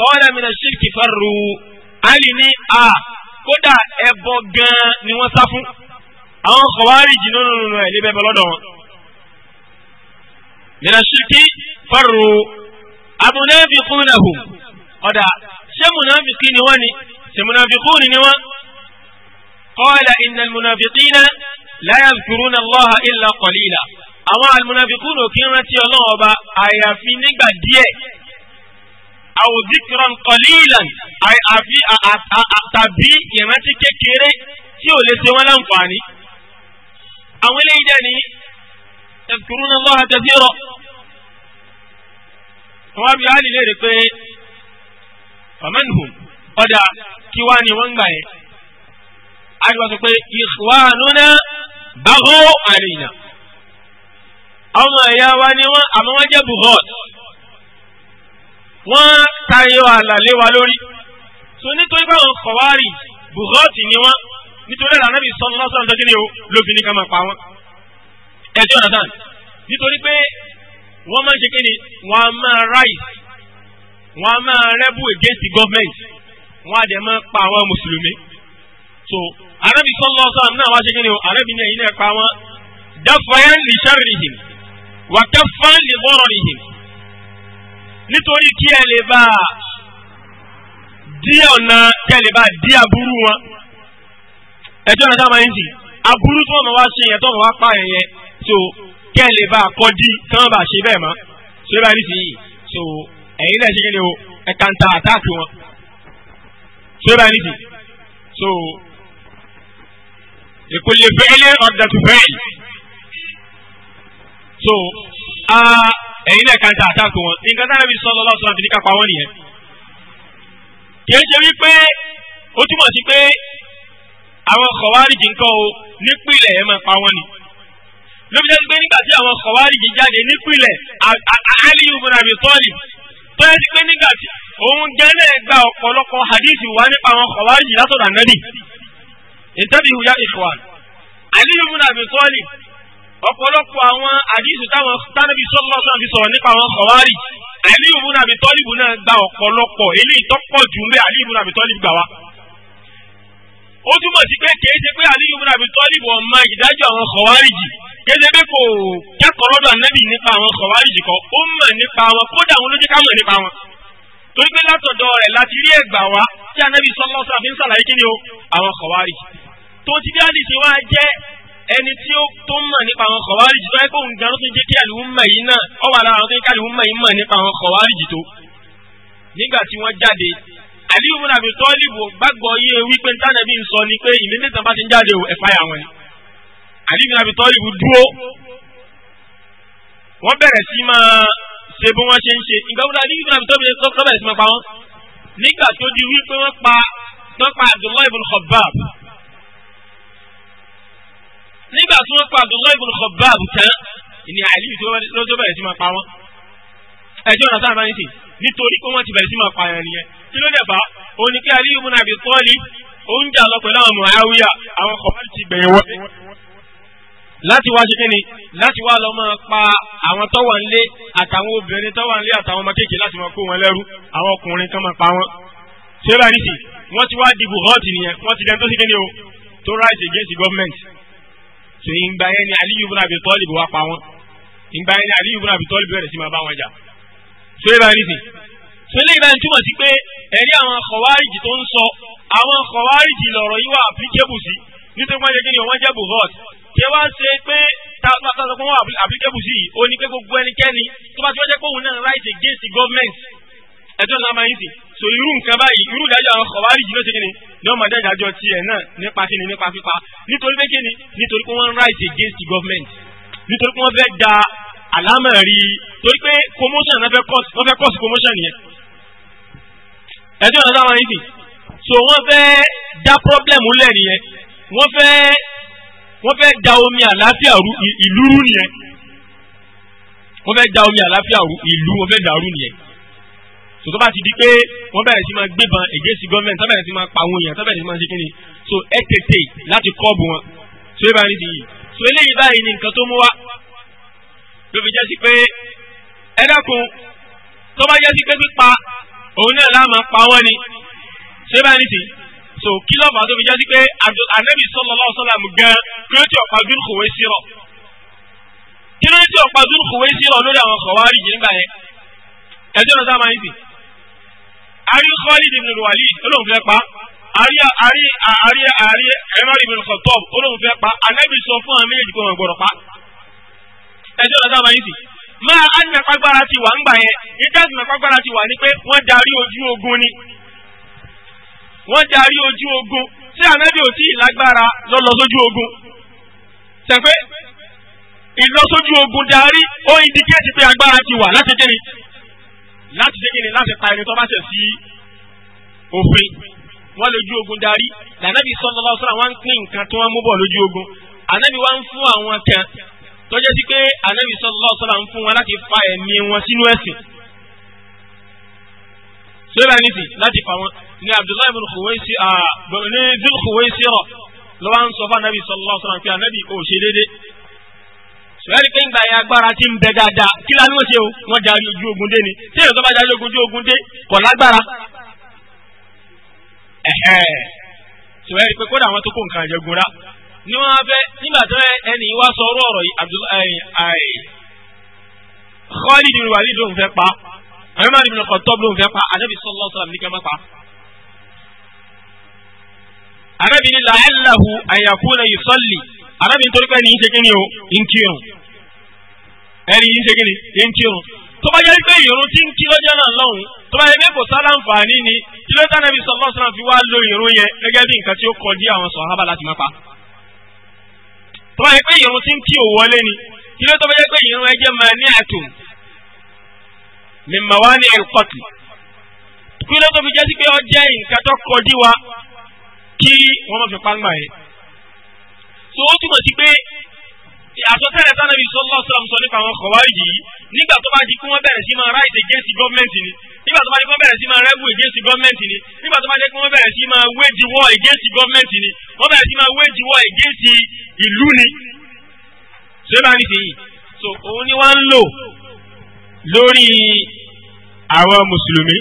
kọ́lá mi náà ṣírkì fárú Ali ní a kódà ẹbọ gan ni wọ́n sá fún àwọn kọ̀wárì jìnnà nínú ẹ̀ níbẹ̀ bọ́lọ́dọ̀ wọn. Mina ṣírkì fárú amúnáfikúnahù ọ̀dà ṣé múnáfikí ni wọ́n ni ṣé múnáfikún ni wọ́n. Kọ́lá iná múnáfikí náà láyà zùkúrúnà lọ́ha ìlà kọ̀lílà àwọn almunafikún ò kí ń rántí ọlọ́run ọba àyàfi nígbà díẹ̀ aw zikran qalilan àfi tàbí ìrántí kékeré tí ò lè ṣe wọn láǹfààní. àwọn eléyìí dẹ̀ ní yadhkuruna Allaha kathira. wọ́n á bí wàá nílé rẹ̀ pé faman hum ọ̀dà kí wàá ní wọ́n gbà yẹn. a sọ pé ikhwanuna baghaw alayna. àwọn ẹ̀yà wa ni wọ́n àmọ́ wọ́n jẹ́ buhọ́t wọ́n tayọ àlàlé wa lórí so nítorí báwọn kọ̀wárì bùgọ́ọ̀tì ni wọ́n nítorí ẹ̀rọ anábì sọ lọ́sọ̀ ọ̀dọ́ kí ni o lófin ní ká máa pa wọ́n ẹjọ́ nàdán nítorí pé wọ́n máa ń ṣe kí ni wọ́n á máa rise wọ́n á máa rebel against the government wọ́n á dẹ̀ máa pa àwọn mùsùlùmí so anábì sọ lọ́sọ̀ náà wá ṣe kí ni o anábì ní ẹ̀yin náà pa wọ́n dáfọyán lè ṣàrìhìn wàkẹ́fọ́n lè bọ́rọ̀ rìhìn nítorí kí ẹ lè bá dí ọ̀nà kí ẹ lè bá dí aburú wọn ẹjọ́ náà dáhùn ẹ̀yìn sí aburú tí wọ́n máa wá ṣe yẹn tí wọ́n máa wá pa yẹn yẹn so kí ẹ lè bá kọ́ dí tí wọ́n bá ṣe bẹ́ẹ̀ mọ́ so ẹ bá rí sí yìí so ẹ̀yin náà kí ni o ẹ kà ń ta àtáàkì wọn
so ẹ bá rí sí so ìkòlè fẹ́ẹ́lẹ́ ọ̀dàtúfẹ́ẹ́lì so
ẹ̀yin náà kanta àtàkù wọn nǹkan tá a bí sọ́lọ́ lọ́sọ́ àti níkà pa wọ́n nìyẹn. kì í ṣe wípé ó túmọ̀ sí pé àwọn kọ̀wárìjì nǹkan o nípìnlẹ̀ ẹ̀ máa pa wọ́n ni. ló fi jẹ́ pé nígbà tí àwọn kọ̀wárìjì jáde nípìnlẹ̀ Ali ibn Abi Talib tó yẹ pé nígbà tí òun gẹ́lẹ́ gba ọ̀pọ̀lọpọ̀ hadith wá nípa àwọn kọ̀wárìjì látọ̀dọ̀ ànábì. ìtẹ́bí ìhùyá ìfọ̀wà Ali ibn Abi Talib ọ̀pọ̀lọpọ̀ àwọn àdìsù táwọn tánàbí sọ́lọ́sọ́ àfi sọ̀rọ̀ nípa àwọn kọ̀wárì Aliyu ibn Abi Talib náà gba ọ̀pọ̀lọpọ̀ eléyìí tó pọ̀ jù ń bẹ Aliyu ibn Abi Talib gbà wá. ó túmọ̀ sí pé kìí ṣe pé Aliyu ibn Abi Talib ọmọ ìdájọ́ àwọn kọ̀wárì jì kìí ṣe pé kò kẹ́kọ̀ọ́ lọ́dọ̀ ànábì nípa àwọn kọ̀wárì jì kọ́ ó mọ̀ nípa wọn kódà àwọn olójú ká mọ̀ nípa wọn. torí pé látọ̀dọ̀ rẹ̀ láti rí ẹ̀gbà wá tí ànábì sọ́lọ́sọ́ àfi ń sàlàyé kí ni o àwọn kọ̀wárì tó ti bí àdìsí wa ẹni tí ó tó mọ̀ nípa àwọn kọ̀wárìjì tó ẹgbẹ́ òun gan-an tó jẹ́ kí àlùmọ̀ yìí náà ọ wà lára àwọn tó ń kárí àlùmọ̀ yìí mọ̀ nípa àwọn kọ̀wárìjì tó nígbà tí wọ́n jáde Aliyu ibn Abi gbàgbọ́ yé wípé ntánẹ́bí ń sọ ni pé ìmẹ́lẹ́ tán bá ti ń jáde ò ẹ̀fáyà wọn ni Aliyu ibn Abi Talib dúró wọ́n bẹ̀rẹ̀ sí máa ṣe bí wọ́n ṣe ń ṣe ìgbà wọn Aliyu ibn Abi nígbà tó di wípé wọ́n pa wọ́n pa Abdullahi ibn Khabbab nígbà tí wọ́n pa Abdullahi ibn Khabbab tán ìní àìlú lọ́jọ́ bẹ̀rẹ̀ sí máa pa wọ́n ẹjọ́ ọ̀nà sáà máa ń sìn nítorí pé wọ́n ti bẹ̀rẹ̀ sí máa pa ẹ̀rìn yẹn kí ló dẹ̀ bá òun ni pé Ali ibn Abi Talib òun jà lọ pẹ̀lú àwọn Muawiya àwọn kọ̀ọ̀kan ti bẹ̀rẹ̀ wọ́n láti wá ṣe kíni láti wá lọ máa pa àwọn tọ́wà ńlé àtàwọn obìnrin tọ́wà ńlé àtàwọn ọmọ kéèké láti máa kó wọn lẹ́rú àwọn ọkùnrin kan máa pa wọn. ṣé báyìí sì wọ́n ti wá dìbò họ́ọ̀tì nìyẹn wọ́n ti dẹ́n tó ṣe kíni o to rise against the government so ìgbà yẹn ni Aliyu ibn Abi Talib wá pa wọn ìgbà yẹn ni Aliyu ibn Abi Talib bẹ̀rẹ̀ sí máa bá wọn jà so ìgbà yẹn nìsín so ilé ìgbà yẹn túmọ̀ sí pé ẹ̀rí àwọn kọ̀wárìjì tó ń sọ àwọn kọ̀wárìjì lọ̀rọ̀ yìí wà applicable sí nítorí wọ́n jẹ́ kí ni wọ́n jẹ́ buhot kí wá ṣe pé tàbí wọ́n applicable sí ó ní pé gbogbo ẹnikẹ́ni tó bá ti wọ́n jẹ́ pé òun náà right against the government ẹjọ́ náà máa ń sìn so irú nǹkan báyìí irú ìdájọ́ àwọn kọ̀wárì yìí ṣe kí ni ní ọmọ ẹ̀dá ìdájọ́ tiẹ̀ náà nípa kí ni nípa pípa nítorí pé kí ni nítorí pé wọ́n ń against the government nítorí pé wọ́n fẹ́ da àlámọ̀ rí i torí pé commotion náà fẹ́ cause wọ́n fẹ́ cause commotion yẹn ẹjọ́ náà máa ń sìn so wọ́n fẹ́ da problem lẹ̀ nìyẹn wọ́n fẹ́ wọ́n fẹ́ da omi àlàáfíà ìlú rú nìyẹn wọ́n fẹ́ da omi àlàáfíà ìlú wọ́n fẹ́ dàrú nìyẹn so tó bá ti di pé wọ́n bẹ̀rẹ̀ sí máa gbébọn against government tó bẹ̀rẹ̀ sí máa pa àwọn èèyàn tó bẹ̀rẹ̀ sí máa ṣe kíni so ẹ tètè láti kọ́ọ̀bù wọn so ẹ bá ní nìyí so eléyìí báyìí ni nǹkan tó mú wá ló fi jẹ́ sí pé ẹ dákun tó bá jẹ́ sí pé pípa òun náà láàmà pa wọ́n ni so ẹ bá ní nìyí so kí ló fà tó fi jẹ́ sí pé anabi sallallahu alaihi wasallam gan kí ló ti ọ̀pá dúró kòwé sí rọ̀ kí ló ti ọ̀pá dúró kòwé sí rọ̀ lórí àwọn kọ̀wárí yìí àrí Khalid ibn Walid olóhùn fẹ́ pa àrí àrí àrí àrí Umar ibn Khattab olóhùn fẹ́ pa Ànábì sọ fún àwọn méjèèjì pé wọ́n gbọ́dọ̀ pa ẹjọ́ ọ̀dọ́ sábà yìí sì máa ánìmọ̀ pàgbára ti wà ń gbà yẹn ìdájìmọ̀ pàgbára ti wà ní pé wọ́n darí ojú ogun ni wọ́n darí ojú ogun tí Ànábì ò tí ì lágbára lọ́lọ́ sójú ogun sẹ́pẹ́ ìlọsójú ogun darí ó indikéètì pé agbára ti wà láti kéde láti ṣe kíni láti pa ẹni tó bá ṣẹ̀ sí òfin wọn lójú ogun darí lànàbí sallallahu alaihi wasallam wọn ń pín nǹkan tí wọn mú bọ̀ lójú ogun ànàbí wọn ń fún àwọn kan tó jẹ́ sí pé ànàbí sallallahu alaihi wasallam ń fún wọn láti fa ẹ̀mí wọn sínú ẹ̀sìn sọ́yà nífi láti fa wọn ní abdullahi ibn khuwaisi ní dul khuwaisi rọ lọ́wọ́ à ń sọ fún ànàbí sallallahu alaihi wasallam pé ànàbí ò ṣe déédéé sọ̀rọ̀ pé ńgbà yẹn agbára ti ń bẹ dáadáa kí la ní wọ́n ṣe o wọ́n darí ojú ogun dé ni tí èèyàn tó bá darí ojú ogun dé kò lágbára. sọ̀rọ̀ pé kódà àwọn tó kó nǹkan àjẹgùn rá ni wọ́n fẹ́ nígbà tó ẹni wá sọ ọ̀rọ̀ ọ̀rọ̀ yìí Khalid ibn Walid ló ń fẹ́ pa Umar ibn Khattab ló ń fẹ́ pa Ànábì sallallahu alaihi wasallam ní kẹ́ mọ́ pa. Ànábì ní la'allahu an yakuna arábìn torí pé ní í ṣe kí ni o ń kírun ẹni yìí ń ṣe kí ni ń kírun tó bá yẹ pé ìrún tí ń kí lọ́jọ́ náà lọ́hùn tó bá yẹ pé kò sára nfààní ni kí ló tánàbí sọlọ́ sọ́nà fi wá lo ìrún yẹn gẹ́gẹ́ bí nǹkan tí ó kọ dí àwọn sọ̀hábà láti má pa tó bá yẹ pé ìrún tí ń kí ò wọlé ni kí ló tó bá yẹ pé ìrún ẹjẹ́ máa ní àtò mímọ̀ wá ní ẹ̀kọ́tì kí ló tó fi jẹ́ sí pé ó jẹ́ nǹkan tó kọ dí wa kí wọ́n má fi pàǹgbà yẹn tó ó túmọ̀ sí pé àsọtẹ́lẹ̀ sanabi sọlọ sọlọm sọ nípa àwọn kọwárìjì yìí nígbà tó bá di kí wọ́n bẹ̀rẹ̀ sí máa ráìsì against gọ́ọ̀mẹ̀ntì ni nígbà tó bá di kí wọ́n bẹ̀rẹ̀ sí máa rẹ́gùn against gọ́ọ̀mẹ̀ntì ni nígbà tó bá di kí wọ́n bẹ̀rẹ̀ sí máa wéjì wọ́ against gọ́ọ̀mẹ̀ntì ni wọ́n bẹ̀rẹ̀ sí máa wéjì wọ́ against ìlú ni. ṣé bá ní sèyí so òun ni wọ́n ń lò lórí àwọn mùsùlùmí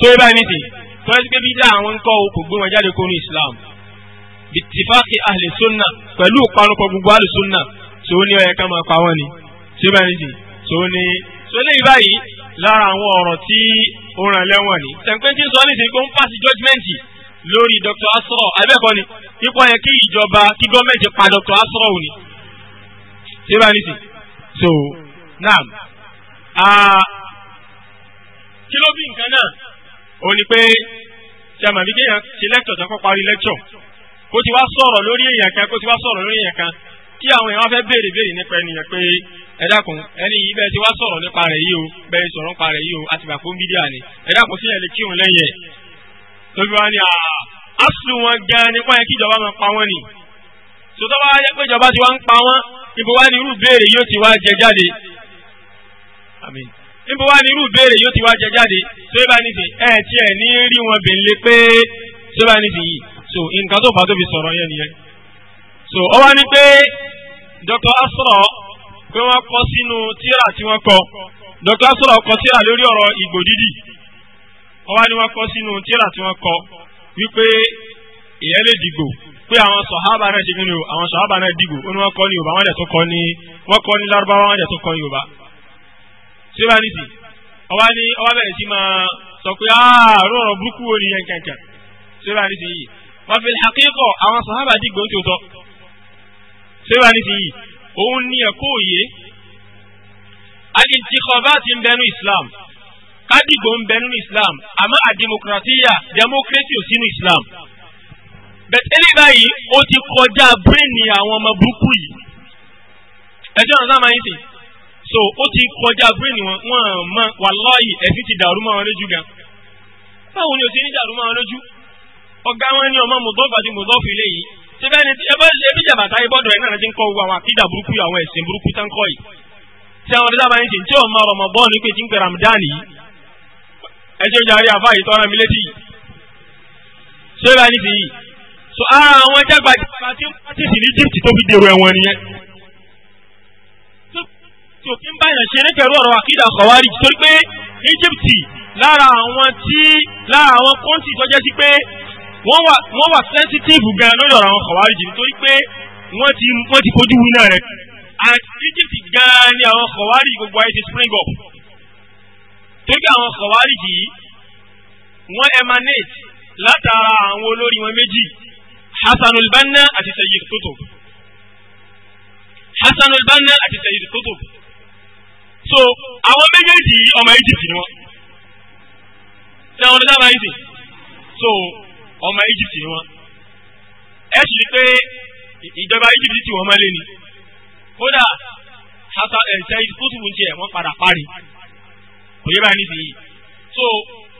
ṣé bá ní sèyí tó Islam bitifaki ahli sunna pẹ̀lú ìpanupọ̀ gbogbo ahli sunna tí ó ní ọ̀yẹ́ ká máa pa ni tí ó bá ní sìn tí ó ní. sọ léyìí báyìí lára àwọn ọ̀rọ̀ tí ó ràn lẹ́wọ̀n ni. sẹ̀ńpẹ́ntì sọ ní sìn pé ń pàṣẹ jọ́jmẹ́ǹtì lórí Dr. Asro abẹ́ẹ̀kọ́ ni ipò yẹ kí ìjọba kí gọ́ọ̀mẹ̀ntì pa Dr. Asro ò ní. tí ó bá ní sìn. so naam kí ló bí nǹkan náà ò ní pé ṣe àmàbí kó ti wá sọ̀rọ̀ lórí èèyàn kan kó ti wá sọ̀rọ̀ lórí èèyàn kan kí àwọn èèyàn fẹ́ béèrè béèrè nípa ènìyàn pé ẹ dákun ẹni yìí bẹ́ẹ̀ ti wá sọ̀rọ̀ nípa rẹ̀ yìí o bẹ́ẹ̀ sọ̀rọ̀ nípa rẹ̀ yìí o àti bàkó ń ni ẹ dákun sí ẹ̀lẹ́ kírun lẹ́yìn ẹ̀ lójú wa ni àásù wọn gan ni kọ́ yẹ kí ìjọba máa pa wọ́n ni sọtọ́ bá yẹ pé ìjọba ti wá ń pa wọ́n ibo wá ni irú béèrè yóò ti wá jẹ jáde àmín wá ní irú ìbéèrè yóò ti wá jẹ jáde tó yẹ bá nísìn ẹ tiẹ̀ ní rí wọn bèèlè pé tó yẹ bá nísìn yìí so nǹkan tó fà tó fi sọ̀rọ̀ yẹn nìyẹn so ọ wá ní pé Dr. Asra pé kọ sínú tíra tí kọ Dr. Asra kọ tíra lórí ọrọ ìgbò dídì ọ wá ní kọ sínú tíra tí kọ wípé ìyẹn lè dìgbò pé àwọn sọ̀hábà náà ṣe gúnni o àwọn sọ̀hábà náà dìgbò ó ní wọ́n kọ́ ní Yorùbá wọ́n dẹ̀ tó kọ́ ní ní wà fi àkíkọ̀ àwọn sàhábà dìgbò tó tọ́ síbà nísìnyí òun ní ẹ̀kọ́ òye alìtìkọ̀bá ti ń bẹnu Islam kádìgbò ń bẹnu Islam àmọ́ àdìmọ̀kìràtíyà democracy ò sínú Islam bẹ̀tẹ́ lè báyìí ó ti kọjá bírèèni àwọn ọmọ burúkú yìí ẹjọ́ náà sáà máa ń sìn so ó ti kọjá bírèèni wọn wọn mọ wàláhì ẹ̀sìn ti dàrú mọ́ wọn lójú gan báwo ni o ti ní dàrú mọ́ wọn lójú ọ̀gá wọn ní ọmọ mùdọ́fù àti mùdọ́fù ilé yìí ṣé bẹ́ẹ̀ ni ẹ bá ṣe ebi jàbàtà ibọ́dọ̀ ẹ̀ náà ti ń kọ́ gbogbo àwọn àkídà burúkú àwọn ẹ̀sìn burúkú tán kọ́ yìí tí àwọn ọ̀dọ́dá bá ń ṣe tí ò máa rọmọ bọ́ọ̀lù pé ti ń pè Ramadan yìí ẹ ṣe jàre àfa ìtọ́ra mi létí yìí ṣé bá ní yìí so ara àwọn jágba tí ti sì ní Egypt tó fi dèrò ẹ̀wọ̀n nìyẹn tí ò kí ń lára àwọn tí lára àwọn kọ́ńtì tó jẹ́ sí pé wọ́n wà sensitive gan lórí ọ̀rọ̀ àwọn kọ̀wárìjì nítorí pé wọ́n ti wọ́n ti fojú winá rẹ̀ at Egypt gan ni àwọn kọ̀wárìjì gbogbo ayé ti spring up torí pé àwọn kọ̀wárìjì yìí wọ́n emanate látara àwọn olórí wọn méjì Hassan al-Banna àti Sayyid Qutb Hassan al-Banna àti Sayyid Qutb so àwọn méjèèjì ọmọ Egypt ni wọ́n ṣe àwọn ọ̀dọ́ dábàá yìí so ọmọ Egypt ni wọ́n ẹ sì pé ìjọba Egypt tí wọ́n mọ́lé ni kódà eh, Said Kutubu ń tiẹ̀ wọ́n padà parí kò yẹ báyìí nísìnyí so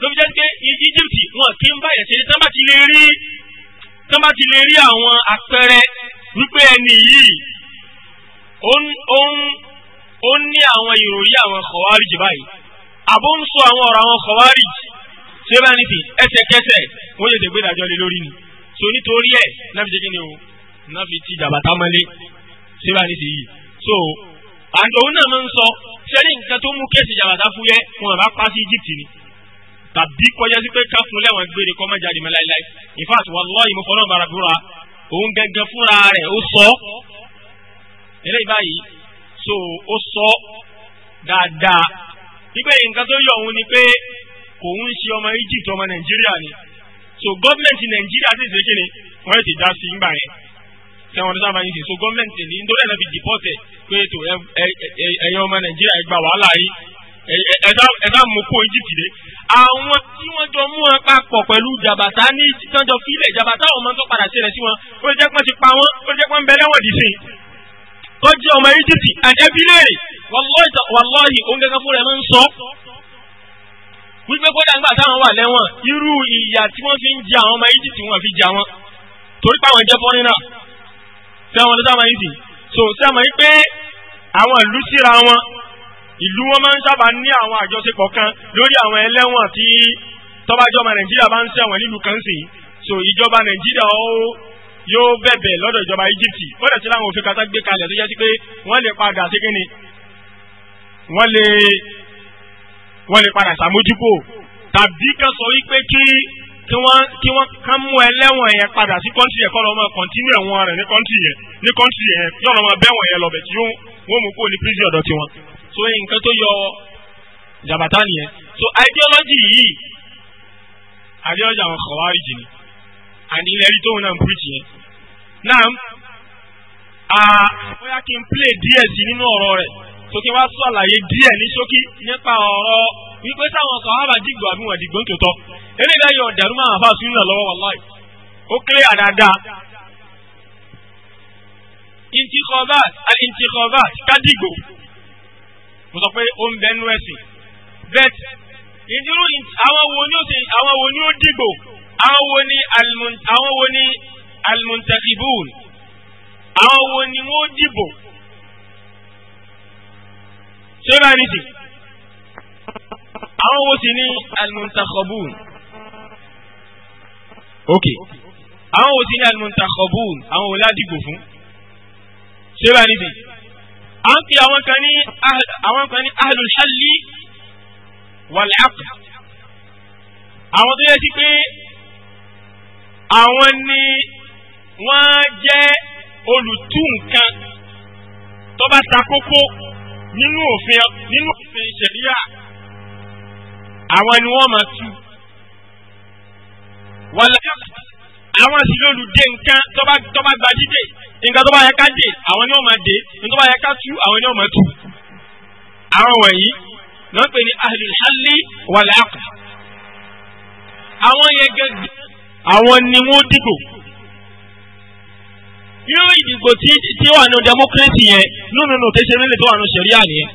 ló fi jẹ́ pé Egypt wọn kì í bá yẹn ṣe tán bá ti lè rí tán bá ti lè rí àwọn àpẹẹrẹ wípé ẹni yìí ó ní àwọn ìròrí àwọn kọ̀wárìjì báyìí àbó ń sọ àwọn ọ̀rọ̀ àwọn kọ̀wárìjì ṣé bá ní sìn ẹsẹ̀kẹsẹ̀ wọ́n yóò ṣe gbé ìdájọ́ lé lórí ni so nítorí ẹ̀ náà fi ṣe kí o náà fi ti jàbàtà mọ́lé ṣé ní sìn yìí so àtòun náà máa ń sọ sẹ́ni nǹkan tó mú kéèsì jàbàtà fúyẹ́ wọn bá pa sí Egypt ni tàbí kọjá sí pé káfún lẹ́wọ̀n gbére kọ́ máa jáde mọ́ láéláé in fact wallahi mo fọlọ́ bara búra òun gẹ́gẹ́ fúnra so ó sọ dáadáa wípé nǹkan tó òun ni kò ń ṣe ọmọ Egypt ọmọ Nàìjíríà ni so gọ́ọ̀mẹ̀ntì Nàìjíríà ti ṣe kíni wọ́n ti dá sí ńgbà yẹn sẹ́wọ̀n tó sábà yín ṣe so gọ́ọ̀mẹ̀ntì ní nítorí ẹ̀nà fi dìpọ́tẹ̀ pé ètò ẹ̀yàn ọmọ Nàìjíríà ẹ gba wàhálà yìí ẹ̀dá mú kó Egypt dé àwọn tí wọ́n jọ mú wọn papọ̀ pẹ̀lú jàbàtà ní ìtànjọ fílẹ̀ jàbàtà ọmọ tó padà ṣẹlẹ̀ sí wọn ó jẹ́ pọ́n ti pa wọn ó jẹ́ pọ́n bẹ́lẹ́ wọ̀n dì sí i tó jẹ́ ọmọ Egypt àdẹ́bílẹ̀ wàlọ́ọ̀hì òun gẹ́gẹ́ fúnra ẹ̀ máa ń sọ wípé kódà nígbà táwọn wà lẹ́wọ̀n irú ìyà tí wọ́n fi ń jẹ àwọn ọmọ egypt wọn fi jẹ àwọn torí páwọn jẹ́ fọ́nínà sẹ́wọ̀n ló sáwọn yìí so sẹ́wọ̀n yìí pé àwọn ìlú síra wọn ìlú wọn máa ń sábà ní àwọn àjọṣepọ̀ kan lórí àwọn ẹlẹ́wọ̀n tí tọ́bájọ́mọ nàìjíríà bá ń sẹ́wọ̀n nílùú kan sí so ìjọba nàìjíríà yóò bẹ̀bẹ̀ lọ́dọ̀ ìjọba egypt wọ́n sí láwọn òfin kata gbé kalẹ̀ tó jẹ́ sí pé wọ́n lè padà sí kíni wọ́n lè wọ́n lè padà ṣàmójúkò tàbí kan sọ wípé kí kí wọ́n kí wọ́n kán mú ẹlẹ́wọ̀n yẹn padà sí kọ́ńtì yẹn kọ́ lọ́mọ kọ́ntínú ẹ̀wọ̀n rẹ̀ ní kọ́ńtì yẹn ní kọ́ńtì yẹn yọ̀ lọ́mọ bẹ́wọ̀n yẹn lọ́bẹ̀ tí wọ́n mú kó ní prison ọ̀dọ̀ tiwọn. so nǹkan tó yọ jàbátá nìyẹn so ideology yìí ideology àwọn kọ̀wárì jì ni àní ilẹ̀ yìí tóun náà ń preach yẹn. náà ah, bóyá kí n play díẹ̀ sí nínú ọ̀rọ̀ rẹ̀ sókè wá sọ àlàyé díẹ̀ ní ṣókí nípa ọ̀rọ̀ wípé táwọn sàhábà dìgbò àbí wọn dìgbò ń tòótọ́ eléyìí láyé ọ̀dàrú máa fà sínú náà lọ́wọ́ wàláì ó kéré àdáadáa. intikhobat al-intikhobat kádìgbò mo sọ pé ó ń bẹnu ẹ̀sìn bet ìdúró àwọn wo ni ó ti àwọn wo ni ó dìgbò àwọn wo ni àwọn wo ni almuntakhibun àwọn wo ni wọ́n dìbò ṣé bá ní sí àwọn wo sì ní almuntakhobun ok àwọn wo sì ní almuntakhobun àwọn wo ládìgbò fún ṣé bá ní sí à ń pè àwọn kan ní àwọn kan ní ahlul halli wal àwọn tó yẹ sí pé àwọn ni wọ́n jẹ́ olùtú nǹkan tó bá ta kókó nínú òfin nínú òfin ṣẹ̀ríà àwọn ni wọ́n máa tú wàlá àwọn sì lólùdé nǹkan tó bá gba dídè nǹkan tó bá yẹ ká dè àwọn ni wọ́n máa dè nǹkan tó bá yẹ ká tú àwọn ni wọ́n máa tú àwọn wọ̀nyí ló pè ní ahlul halli wal àwọn yẹn gẹ́gẹ́ àwọn ni wọ́n dìbò irú ìdìbò tí tí wà nù democracy yẹn nínú nù kí sẹ́mi lè tó wà nù sẹ̀ríà nìyẹn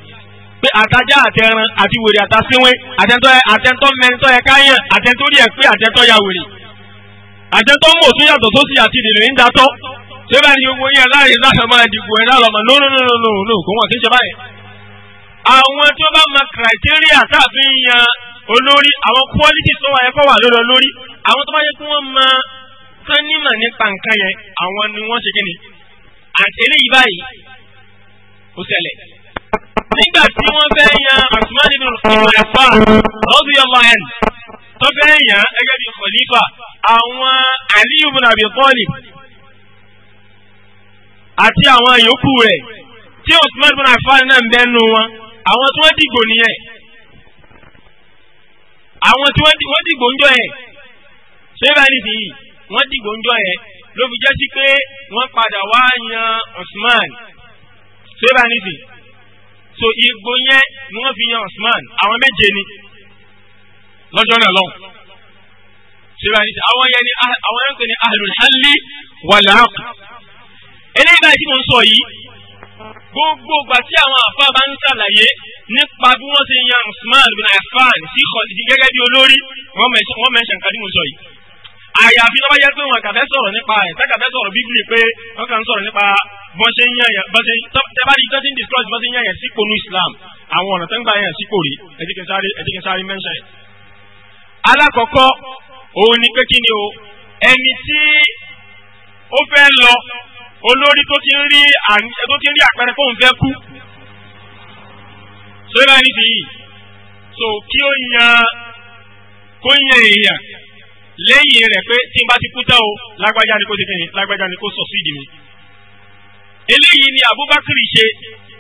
pé àtajá àtẹran àti wèrè àtasíwé àtẹntọ́ àtẹntọ́ mẹ́ntọ́ ẹ̀ káyàn àtẹntọ́ rí ẹ̀ pé àtẹntọ́ ya wèrè àtẹntọ́ mọ̀ tó yàtọ̀ tó sì àti ìdìbò ń datọ́ ṣé bá ní gbogbo yẹn láàrin láti máa dìbò ẹ̀ lálọ́mọ no no no no no no kò wọ́n kí n ṣe báyìí. àwọn tí wọ́n bá mọ criteria táàfin yan olórí àwọn quality tó wà ẹ̀kọ́ wà lọ́dọ̀ lórí àwọn tó bá tán nímọ̀ nípa nǹkan yẹn àwọn ni wọ́n ṣe kí ni àtẹ̀lé yìí báyìí ó ṣẹlẹ̀. nígbà tí wọ́n fẹ́ yan Usman ibn Affan radiyallahu anhu tó fẹ́ yan gẹ́gẹ́ bí khalifa àwọn Ali ibn Abi Talib àti àwọn yòókù rẹ̀ tí Usman ibn Affan náà ń bẹ́nu wọn àwọn tí wọ́n dìgbò nìyẹn àwọn tí wọ́n dìgbò ń jọ yẹn ṣé bá nìyí wọ́n dìgbò ń jọ yẹn ló fi jẹ́ sí pé wọ́n padà wá yan Usman sèbá nísì so igbó yẹn ni wọ́n fi yan Usman àwọn méje ni lọ́jọ́ náà lọ́hùn sèbá nísì àwọn yẹn ni ah, àwọn yẹn ń pè ní ahlul halli wal aqd eléyìí báyìí tí mo ń sọ yìí gbogbo ìgbà tí àwọn àfa bá ń ṣàlàyé nípa bí wọ́n ti yan Usman bin Affan sí gẹ́gẹ́ bí olórí wọ́n mẹ́sàn kan tí mo sọ yìí àyàfi tó bá jẹ́ pé wọn kà fẹ́ sọ̀rọ̀ nípa ẹ̀ tẹ́ka fẹ́ sọ̀rọ̀ bíbélì pé wọn kà ń sọ̀rọ̀ nípa bọ́sẹ̀ yẹn bọ́sẹ̀ tẹ́bàdì tó ń discuss bọ́sẹ̀ yẹn yẹn sípò ní Islam àwọn ọ̀nà tó ń gbà yẹn sípò rí ẹ̀díkẹsáré mẹ́ńṣẹ̀. alákọ̀ọ́kọ́ òun ni pé kí ni o ẹni tí ó fẹ́ lọ olórí tó ti ń rí àpẹẹrẹ fóun fẹ́ kú sóyún láì ní so kí ó yan kó lẹ́yìn rẹ̀ pé tí n bá ti kú tán o lágbájá ni kò ti kẹ́yìn lágbájá ni kò sọ sí ìdí mi. eléyìí ni Abubakar ṣe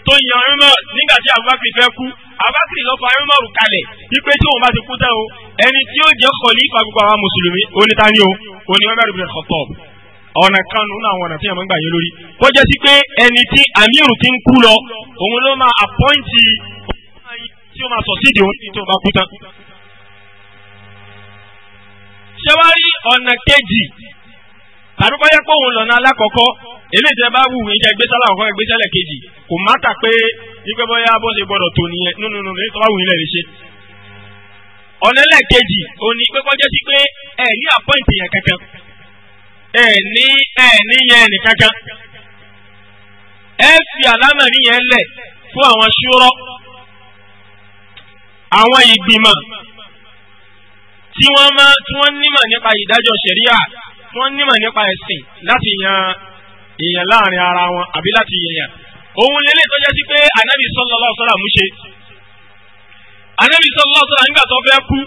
tó yan Umar nígbà tí Abubakar fẹ́ kú Abubakar lọ́kọ̀ Umar kalẹ̀ wípé tí òun bá ti kú tán o ẹni tí ó jẹ́ khalifa gbogbo àwọn mùsùlùmí onítàní o òní Umar ibn Khattab ọ̀nà kan nínú àwọn ọ̀nà tí yàrá gbà yé lórí kó jẹ́ sí pé ẹni tí amiru ti ń kú lọ òun ló máa àpọ́ǹtì tí ó máa sọ sídìí òun tí ó bá kú tán ṣé wá rí ọ̀nà kejì àdúgbòyẹ pé òun lọ́nà alákọ̀ọ́kọ́ eléyìí tẹ́ bá wù yín jẹ́ gbé sálà ọ̀kọ́ ẹgbẹ́ sẹ́lẹ̀ kejì kò má kà pé wípé bóyá bó ṣe gbọ́dọ̀ tó nìyẹn nínú nínú èyí tó bá wù yín lè rí ṣe. ọ̀nà ẹlẹ́ẹ̀kejì òní pé kọjá sí pé ẹ ní àpọ́ǹtì yẹn kankan ẹ ní ẹ ní yẹn ní kankan ẹ fi àlámà níyẹn lẹ̀ fún àwọn ṣúrọ́ àwọn ìgbìmọ̀ tí wọ́n máa tí wọ́n nímọ̀ nípa ìdájọ́ ṣẹ̀ríà tí wọ́n nímọ̀ nípa ẹ̀sìn láti yan èèyàn láàrin ara wọn àbí láti yẹ̀yàn òun lélẹ̀ tó jẹ́ sí pé anabi sallallahu alaihi wasallam ṣe anabi sallallahu alaihi wasallam nígbà tó fẹ́ kú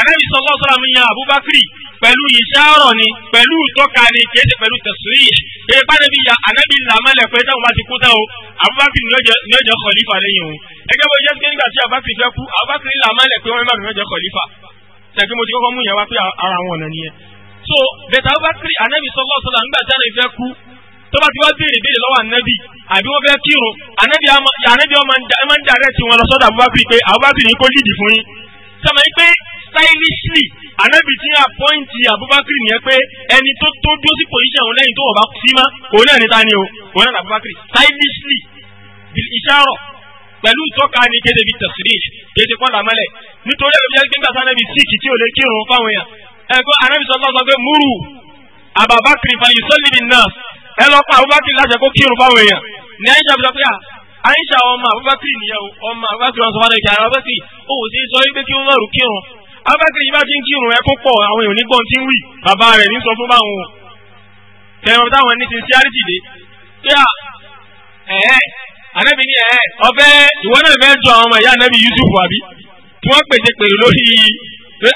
anabi sallallahu alaihi wasallam yan abubakar pẹ̀lú ìṣàrọ̀ ni pẹ̀lú tọ́ka ni kìí ṣe pẹ̀lú tẹ̀sírí pé bánabi ya anabi làmọ́lẹ̀ pé táwọn bá ti kú táwọn abubakar ni ó jẹ́ khalifa lẹ́yìn òun ẹgbẹ́ bó jẹ́ sí nígbà tí abubakar fẹ́ kú abubakar làmọ́lẹ̀ pé wọ́n bá fi jẹ́ khalifa tẹ̀gbẹ́ mo ti kọ́kọ́ mú yẹn wá pé ara àwọn ọ̀nà nìyẹn. so bẹ̀tà abubakar anabi sọ́lá sọ́lá nígbà tí anabi fẹ́ kú tó bá ti wá béèrè béèrè lọ́wọ́ anabi àbí wọ́n fẹ́ kírun anabi ọmọ ń dàrẹ́ tí wọ́n lọ sọ́dọ̀ abubakar pé abubakar ní kó lídì fún yín. sọ́mọ yín pé stylishly anabi ti yàn apọ́ǹtì abubakar nìyẹn pé ẹni tó tó dúró sí pòsíṣàn òun lẹ́yìn tó wọ̀ bá sí mọ́ òun náà ní ta ni o òun náà ní abubakar stylishly ìṣàrọ̀ pẹ̀lú ìtọ́ka ni kéde bíi tẹ̀sírí kéde pọ́nlá mọ́lẹ̀ nítorí ẹ̀rọ bíi ẹgbẹ́ gbàtà níbi síìkì tí ò lè kírun fáwọn èèyàn ẹ̀kọ́ anábìsọ sọ pé múrù àbàbákiri fàyè sọ́lìdì náà ẹ lọ pa abubakar láṣẹ kó kírun fáwọn èèyàn ní àyíṣà bí sọ pé àyíṣà ọmọ abubakar nìyẹn ọmọ abubakar wọn sọ fún ẹ̀jẹ̀ abubakar ó wò sí sọ pé kí wọ́n lọ́ọ̀rù kírun abubakar yìí bá ti ń kírun ẹ kó pọ̀ àwọn èèyàn nígbọ́n ti ń wì bàbá rẹ̀ ní sọ fún báwọn o tẹ̀wọ̀n táwọn ẹni ti ń sí àríjìdé pé à ẹ̀ẹ́ anabi ni ẹ ọbẹ ìwọ náà fẹẹ jọ àwọn ọmọ ìyá anabi yusuf àbí tí wọn pèsè pèrè lórí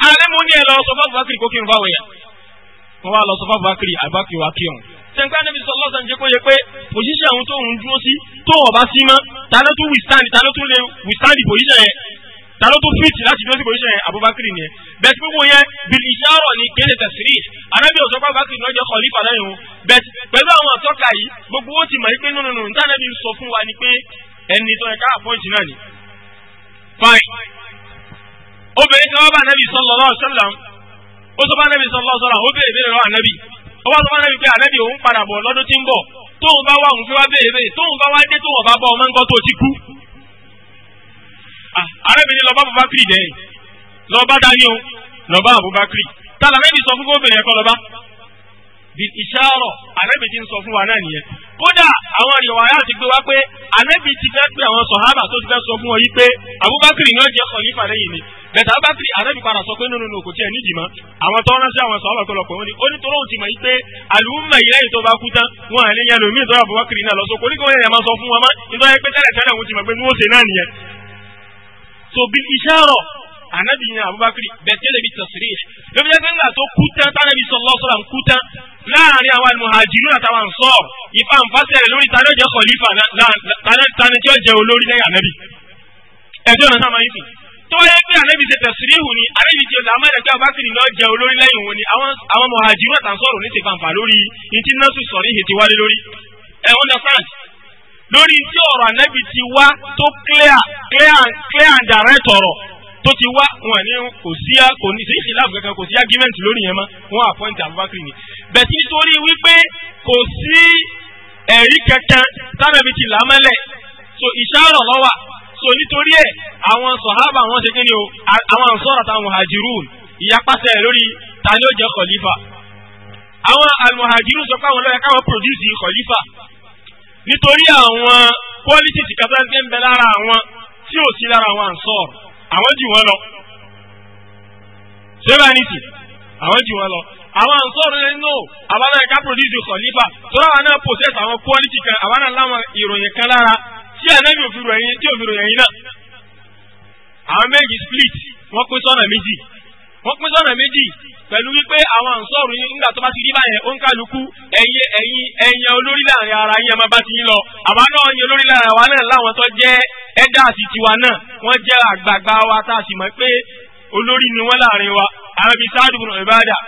alẹ́ ah, mú ní ẹ lọ sọ fáwọn bakiri kó kí n fáwọn yẹn wọn wá lọ sọ fáwọn bakiri abakiri wa kí òun. sẹ́ńpẹ́ anabi sọ lọ́sàn-án jẹ́ kó yẹ pé pòṣíṣẹ́ àwọn tó ń dúró sí tó ọ̀bá sí mọ́ ta ló tún withstand ta ló tún lè withstand pòṣíṣẹ́ yẹn ta ló tún fit. láti dúró sí pòṣíṣẹ́ Abubakar nìyẹn bẹ́ẹ̀ tí gbogbo yẹn bìlì ìṣàrọ̀ ni kéde tẹ̀sírì anábì ọ̀sọ́ pé Abubakar náà jẹ́ kọ̀lífà lẹ́yìn o bẹ́ẹ̀ pẹ̀lú àwọn àtọ́ka yìí gbogbo wọn ti mọ̀ pé nínú nínú níta anábì sọ fún wa ni pé ẹni tó yẹ ká àpọ́ǹtì náà ni. fine obìnrin tí wọ́n bá anábì sallallahu alaihi wasallam ó sọ bá anábì sallallahu alaihi wasallam ó béèrè béèrè lọ́wọ́ anábì ó bá sọ bá anábì pé anábì òun padà bọ̀ lọ́dún tí ń bọ̀ tóun bá wà òun fi wá béèrè tóun bá wá dé tóun bá bọ̀ ọmọ nǹkan tó ti kú arábìnrin ah, lọ bá Abubakar dẹ́yìn lọ lọba dání tala mẹ́bi sọ fún gómìnà ẹ̀kọ́ lọ bá bí ìṣàrọ̀ anábì ti ń sọ fún wa náà nìyẹn kódà àwọn riwaya ti gbé wá pé ti fẹ́ pé àwọn ti fẹ́ sọ fún wọn yìí pé Abubakar ni ó jẹ́ khalifa lẹ́yìn mi bẹ̀tà Abubakar anábì padà sọ pé nínú kò tiẹ̀ nídìí àwọn tó àwọn sọ̀hábà lọ ni onítọ́rọ̀ ti mọ̀ yìí pé àlùmọ̀ yìí lẹ́yìn tó bá kú tán wọn àlẹ́ yẹn sọ so bí ìṣàrọ̀ ànábì yẹn Abubakar bẹ̀tẹ́lẹ̀ bí tẹ̀sírí lóbi jẹ́ nígbà tó kú tán tánàbí sallallahu alaihi wasallam kú tán láàrin àwọn muhajirun àtàwọn ansọ́ọ̀ ìfà nfàṣẹ̀rẹ̀ lórí tani ó jẹ́ kọ̀lífà tani tí ó jẹ́ olórí lẹ́yìn ànábì ẹ̀jọ́ náà sáà máa ń sìn tó yẹ pé ànábì ṣe tẹ̀sírí ìhù ni ànábì ti làmọ́ ẹ̀rẹ̀ pé Abubakar ló jẹ́ olórí lẹ́yìn òun ni àwọn muhajirun àtàwọn ansọ́ọ̀ ní ti fàǹfà lórí ìtí náà sọ̀rí ìhètí wálé lórí ẹ̀wọ̀n náà lórí tí ọ̀rọ̀ ànábì ti wá tó clear clear clear and direct ọ̀rọ̀ tó ti wá wọn ní kò sí kò ní sí ìṣìlá kankan kò sí argument lórí yẹn mọ́ wọn appoint Abubakar ni bẹ́ẹ̀ tí nítorí wípé kò sí ẹ̀rí kankan tánàbí ti là á mọ́lẹ̀ so ìṣàrọ̀ lọ́wà so nítorí ẹ̀ àwọn sọ̀hábà wọn ṣe kí ni o àwọn àǹsọ̀rọ̀ àtàwọn muhajirun ìyapasẹ̀ lórí ta ni ó jẹ́ kọ̀lífà àwọn almuhajirun sọ pé àwọn lọ́yẹ káwọn produce kọ̀lífà nítorí àwọn quality ti kàtà ń bẹ lára àwọn tí ò sí lára àwọn ansor àwọn jù wọn lọ ṣébà nìsí àwọn jù wọn lọ àwọn ansor rẹ nù àwọn náà ká produce sọ nípa tọ́lá àwọn náà possess àwọn quality kan àwọn náà láwọn ìròyìn kan lára tí ànábì òfin ròyìn tí òfin ròyìn náà àwọn méjì split wọ́n pín sọ́nà méjì wọ́n pín sọ́nà méjì pẹ̀lú wípé àwọn ànsọ́ọ̀rù yín ńgbà tó bá ti rí báyẹn ó ń kálukú ẹ̀yin ẹ̀yin ẹ̀yin olórí láàrin ara yín ẹ̀ma bá ti yín lọ àwa náà ẹ̀yin olórí láàrin àwa náà láwọn tó jẹ́ ẹ̀dá àti tiwa náà wọ́n jẹ́ àgbààgbà wa tá a sì mọ̀ pé olórí ni wọ́n láàrin wa àwọn ibi sáà dùbùnà ìbáàdà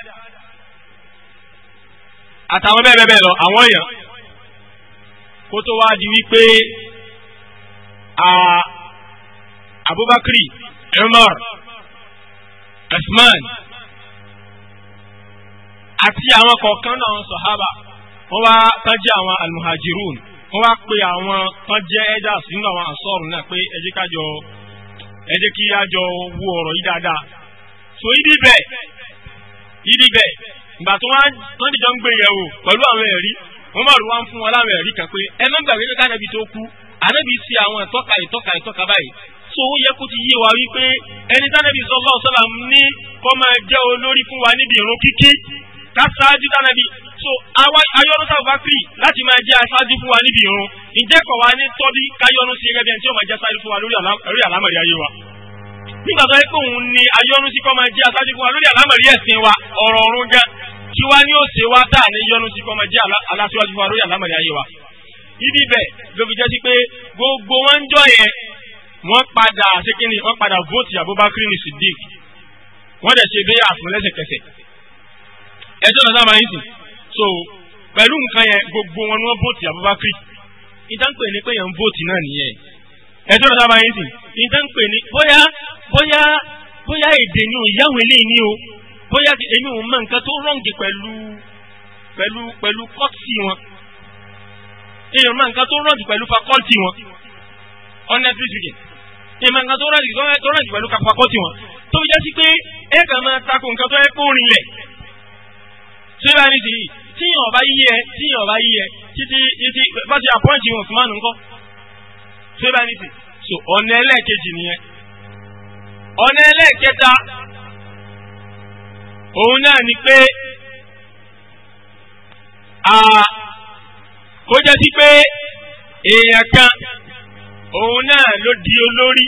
àtàwọn bẹ́ẹ̀ bẹ́ẹ̀ lọ àwọn èèyàn kó tó wá di wípé Abubakar Umar Usman àti àwọn kọ̀ọ̀kan náà sọ̀hábà wọ́n wá tájẹ́ àwọn almuhajirun wọ́n wá pe àwọn tán jẹ́ ẹja sínú àwọn àsọ̀rùn náà pé ẹ jẹ́ kájọ ẹ jẹ́ kí ájọ wo ọ̀rọ̀ yìí dáadáa so ibi bẹ́ẹ̀ ibi bẹ́ẹ̀ ìgbà tó wọ́n tán dìjọ́ ń gbé yẹ̀wò pẹ̀lú àwọn ẹ̀rí wọ́n mọ̀ ló wá ń fún wọn láwọn ẹ̀rí kan pé ẹ má gbàgbé pé kánábì tó kú ànábì ṣe àwọn ìtọ́ka ìtọ́ka ìtọ́ka báyìí so ó yẹ kó ti yé wa wípé ẹni tánábì sallallahu alaihi wasallam ní kó máa jẹ́ olórí fún wa níbi ìrun kíkí ká ṣáájú dánàbí so ayọ́nu sábà bá pì láti máa jẹ́ aṣáájú fún wa níbi ìrun ǹjẹ́ kọ̀ wá ní tọ́bí káyọ́nu sí gẹ́gẹ́ bí ẹni tí ó máa jẹ́ aṣáájú fún wa lórí àlámọ̀rí ayé wa nígbà tó yẹ pé òun ni ayọ́nu sí kọ́ máa jẹ́ aṣáájú fún wa lórí àlámọ̀rí ẹ̀sìn wa ọ̀rọ̀ ọ̀run gan kí wá ní òsè wa tá à ní yọ́nu sí kọ́ máa jẹ́ aláṣáájú fún wa lórí àlámọ̀rí ayé wa ibi bẹ̀ ló fi jẹ́ sí pé gbogbo wọn ń jọ yẹn wọ́n padà ṣé kí ni wọ́n padà vóòtì Abubakar ní Siddiq wọ́n dẹ̀ ṣe bẹ́yà fún lẹ́sẹ̀kẹsẹ̀ ẹjọ́ náà sábà yín sìn so pẹ̀lú nǹkan yẹn gbogbo wọn ni wọ́n vóòtì Abubakar ìtànpè ní pé yẹn ń vóòtì náà nìyẹn ẹjọ́ náà sábà yín sìn ìtànpè ní bóyá bóyá bóyá èdè ni ò yáwó eléyìí ni o bóyá èmi ò mọ nǹkan tó rọ̀ǹgì pẹ̀lú pẹ̀lú pẹ̀lú kọ́ọ̀tì wọn èmi ò mọ nǹkan tó rọ̀ǹgì pẹ̀lú fakọ́ọ̀tì wọn honestly speaking ìmọ̀ nǹkan tó rọ̀ǹgì pẹ̀lú fakọ́ọ̀tì wọn tó fi jẹ́ sí pé ẹ̀ka máa takò nǹkan tó yẹ kó rinlẹ̀ síbẹ̀ ní sìyí tíyàn ọba yí ẹ tíyàn ọba yí ẹ títí títí bá ti àpọ́ǹtì Usman nǹkan síbẹ̀ ní sìyí so ọ̀nà ẹlẹ́ẹ̀kejì nìyẹn ọ̀nà ẹlẹ́ẹ̀kẹta òun náà ni pé kó jẹ́ sí pé èèyàn kan òun náà ló di olórí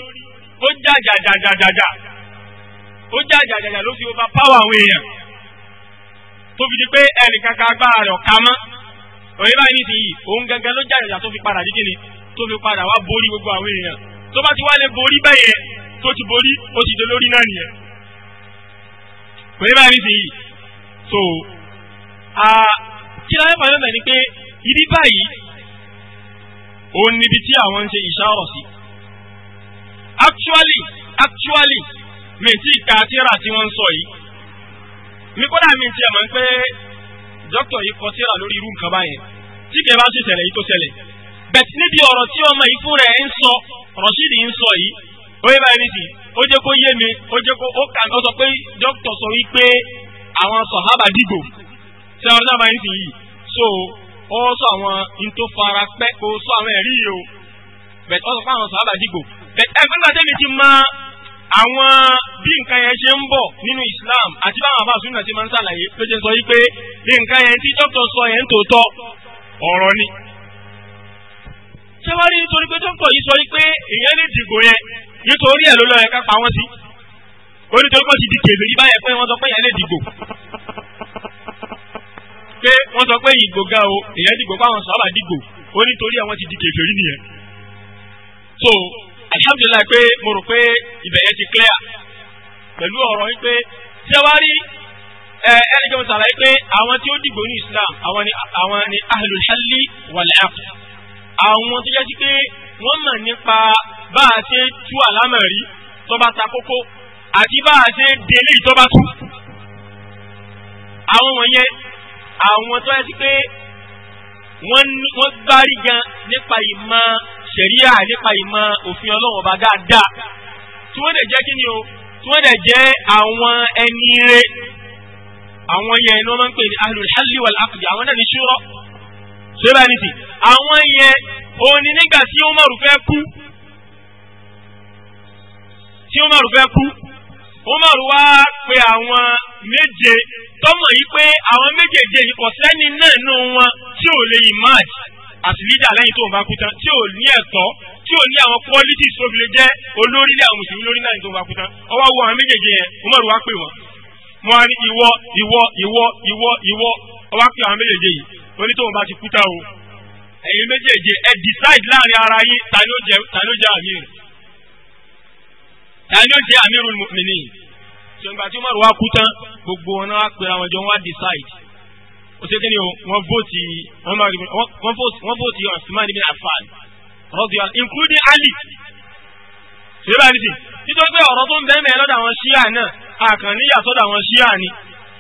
ó jàjàjàjàjàjà ó jàjàjàjà ló fi overpower àwọn èèyàn tó fi di pé ẹnì kankan agbára rẹ̀ ọ̀ka mọ́ òye báyìí nísìnyí òun gangan ló jáde ìyá tó fi padà dídí ni tó fi padà wá borí gbogbo àwọn èèyàn tó bá ti wá lè borí bẹ́yẹ tó ti borí ó ti dé lórí náà nìyẹn òye báyìí nísìnyí so kí láyé pàdé bẹ̀ ni pé ibi báyìí òun níbi tí àwọn ń ṣe ìṣàrọ̀ sí actually actually mi ti ka tíra tí wọ́n ń sọ yìí mi kódà mi tiẹ̀ mọ̀ pé dókítà yìí kọ síra lórí irú nǹkan báyẹn tí kìí bá sì ṣẹlẹ̀ yìí tó ṣẹlẹ̀ bẹ̀tì níbi ọ̀rọ̀ tí ọmọ yìí fún rẹ̀ ń sọ rọ̀ṣídì ń sọ yìí ó yẹ báyìí nìsí ó jẹ́ kó yé mi ó jẹ́ kó ó kà ó sọ pé dókítà sọ wípé àwọn sọ̀hábà dìgbò ṣé ọ̀rọ̀ náà máa ń yìí so ó sọ àwọn n fara pẹ́ kó sọ àwọn ẹ̀rí yìí o bẹ̀tì ó sọ àwọn sọ̀hábà dìgbò bẹ̀tì ẹgbẹ́ àwọn bí nǹkan yẹn ṣe ń bọ̀ nínú Islam àti báwọn àbá àsúnà ti máa ń ṣàlàyé tó ṣe sọ wípé bí nǹkan yẹn tí dókítà sọ yẹn ń tòótọ́ ọ̀rọ̀ ni. ṣé wàá rí nítorí pé dókítà yìí sọ wípé èèyàn lè dìgbò yẹn nítorí ẹ̀ ló lọ yẹ ká pa wọ́n sí. ó ní torí pé ó ti di kèbè yìí báyẹn pé wọ́n sọ pé èèyàn lè dìgbò. pé wọ́n sọ pé ìgbò ga o èèyàn dìgbò alhamdulilayi pé mo rò pé ibẹ̀ yẹn ti clear pẹ̀lú ọ̀rọ̀ yìí pé sẹ́wárí ẹni jẹ́ mo sàlàyé pé àwọn tí ó dìbò ní Islam àwọn ni àwọn ni ahlul halli wal aqd àwọn tó jẹ́ sí pé wọ́n mọ̀ nípa bá a ṣe tú àlámọ̀ rí tó ta kókó àti bá a ṣe délé tó àwọn wọ̀nyẹn àwọn tó jẹ́ sí pé wọ́n gbárí gan nípa ìmọ̀ ṣẹ̀ríà nípa ìmọ̀ òfin ọlọ́run ọba dáadáa tí wọ́n dẹ̀ jẹ́ kí ni o tí wọ́n dẹ̀ jẹ́ àwọn ẹni rẹ̀ àwọn yẹn ni wọ́n máa ń pè ní ahlul halli wal aqdi àwọn náà ní ṣúrọ́ ṣé bá ní sí àwọn yẹn òun ni nígbà tí Umaru fẹ́ kú tí Umaru fẹ́ kú Umaru wá pe àwọn méje tọmọ yìí pé àwọn méjèèjì yìí kò sẹ́ni náà nù wọn tí ò lè yìí máàjì àti lídà lẹ́yìn tó ń bá kú tán tí ò ní ẹ̀tọ́ tí ò ní àwọn qualities tó fi lè jẹ́ olórí ilé àwọn mùsùlùmí lórí lẹ́yìn tó ń bá kú tán ọwọ́ wo àwọn méjèèjì yẹn Umar wá pè wọ́n mo wá ní ìwọ ìwọ ìwọ ìwọ ìwọ ọwọ́ pé àwọn méjèèjì yìí orí tó ń bá ti kú tán o ẹ̀yin méjèèjì ẹ decide láàrin ara yín ta ló jẹ àmírù ta ló jẹ àmírù mùmínì ṣùgbọ́n tí Umar wá kú tán gbogbo wọn náà wá decide ó ṣe kíni o wọ́n vóòtì wọ́n vóòtì Usman ibn Affan rọ́bì including Ali ṣèlú àdìsí nítorí pé ọ̀rọ̀ tó ń bẹ́ẹ̀ mẹ́rin lọ́dọ̀ àwọn ṣíà náà àkànníyà sọ́dọ̀ àwọn ṣíà ni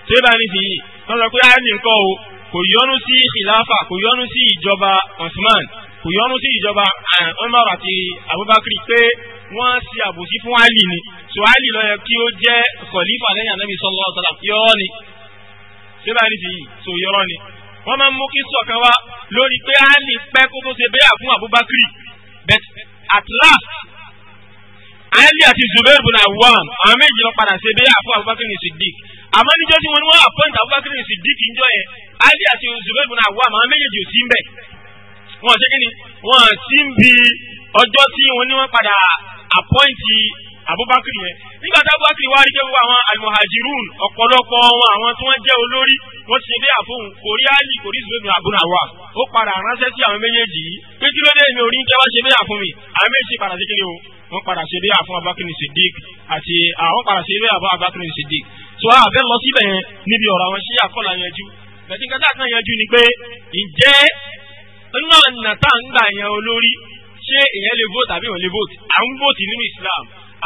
ṣèlú àdìsí yìí wọ́n sọ pé Ali nǹkan o kò yọnu sí khilafa kò yọnu sí ìjọba Usman kò yọnu sí ìjọba Umar eh, àti Abubakar pé wọ́n ṣe àbòsí fún Ali ni so Ali ló yẹ kí ó jẹ́ khalifa lẹ́yìn Ànábì sallallahu alaihi wasallam ṣé ní ti yìí so yọrọ ni wọ́n máa ń mú kí sọ̀kan wá lórí pé á lè pẹ́ kó tó ṣe bẹ́yà fún Abubakar but at last Ali àti Zubair bin Awam àwọn méjì lọ padà ṣe bẹ́yà fún Abubakar ní Siddiq àmọ́ níjọ́ tí wọ́n ní wọ́n appoint Abubakar ní Siddiq níjọ́ yẹn Ali àti Zubair bin Awam àwọn méjèèjì ò sí ń bẹ̀ wọ́n ṣe kí ni wọ́n sí ń bi ọjọ́ tí wọ́n ní wọ́n padà appoint abubakar yẹn nígbà tí abubakar wá rí pé gbogbo àwọn almuhajirun ọ̀pọ̀lọpọ̀ wọn àwọn tí wọ́n jẹ́ olórí wọ́n ṣe bí àfohùn kò rí àlì kò rí zubairu abuna wa ó padà ránṣẹ́ sí àwọn méjèèjì yìí pé kí ló dé mi ò rí ń jẹ́ wá ṣe bí àfún mi àwọn méjèèjì padà sí kí ni o wọ́n padà ṣe bí àfún abubakar siddiq àti àwọn padà ṣe bí àfún abubakar siddiq tó a fẹ́ lọ síbẹ̀ yẹn níbi ọ̀rọ̀ àwọn ṣíyà kọ́lá yanjú bẹ̀tí nǹkan tá a kan yanjú ni pé ǹjẹ́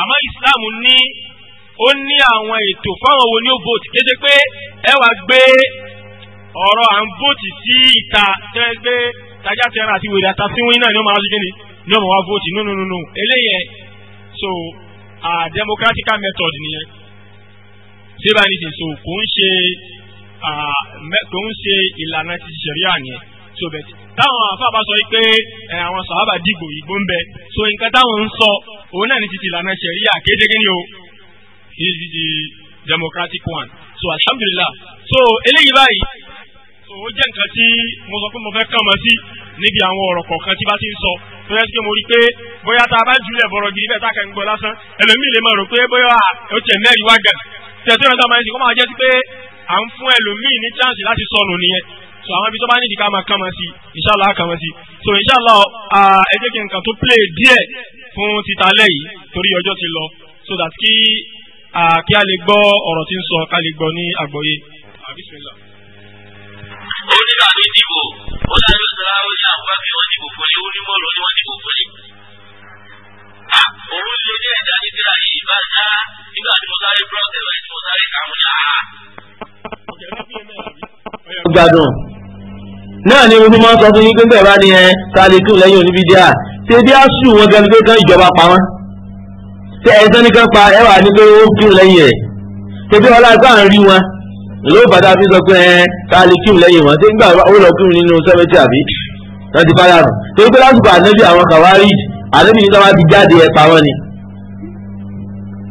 àmọ́ islam ní ó ní àwọn ètò fáwọn wo ni ó vote kéde pé ẹ wàá gbé ọ̀rọ̀ à ń vote sí ìta tẹ́ gbé tajà tẹ́ran àti wèrè àtàsíwìn náà ni ó máa ṣe kéde ni ó máa vote no no no no eléyẹn so a democratic method nìyẹn ṣé báyìí nìyẹn so kò ń ṣe kò ń ṣe ìlànà ti ṣẹ̀ríà nìyẹn so bẹ́ẹ̀ táwọn àfáà bá sọ pé àwọn sàhábà dìgbò ìgbó ń bẹ so nǹkan táwọn ń sọ òun náà ní títí ìlànà ṣẹ̀ríyà kéde kí ni o is the democratic one so alhamdulillah so eléyìí báyìí so ó jẹ́ nǹkan tí mo sọ pé mo fẹ́ kàn mọ́ sí níbi àwọn ọ̀rọ̀ kọ̀ọ̀kan tí bá ti ń sọ tó yẹ kí mo rí i pé bóyá tá a bá jùlẹ̀ bọ̀rọ̀ gidi bẹ́ẹ̀ tá a kàn ń gbọ́ lásán ẹlòmíì lè máa rò pé bóyá ah, ó tiẹ̀ mẹ́rin wá gẹ̀ tẹ̀sí ìrántí ọmọ ẹ̀sìn kó máa jẹ́ sí pé à ń fún ẹlòmíì ní chance láti sọnù nìyẹn so àwọn ibi tó bá ní ìdíkà máa kàn mọ́ sí inshallah kàn sí so inshallah ẹ jẹ́ kí nǹkan tó play díẹ̀ fún títa lẹ́yìn torí ọjọ́ ti lọ so that kí kí a lè gbọ́ ọ̀rọ̀ tí ń sọ ká lè gbọ́ ní àgbọ́yé.
onílà ló dìbò ó dájú sara ó ní àwọn àbí wọn dìbò fọlé onímọ̀ lọ ni wọ́n dìbò fọlé. òun lè ní ẹ̀dá níbi àyè ìbá dá nígbà tí mo sáré brọ́ọ̀tẹ̀ lọ tí mo
sáré kàwọn ní gbádùn náà ni mo fi máa ń sọ fún yín pé bẹ́ẹ̀ bá ní ẹ ká lè tún lẹ́yìn oníbídíà ṣe bí a sùn wọn gan ni pé kán ìjọba pa wọn ṣe ẹ̀ sẹ́ni kan pa ẹ̀wà ni pé ó kírun lẹ́yìn rẹ̀ ṣe bí ọlá gbà ń rí wọn ló bàtà fi sọ pé ẹ ká lè kírun lẹ́yìn wọn ṣé nígbà ó lọ kírun nínú sẹ́mẹ́tì àbí náà ti fáyà rù torí pé lásìkò ànábì àwọn kàwárí ànábì nígbà wọn ti jáde ẹ̀ pa wọn ni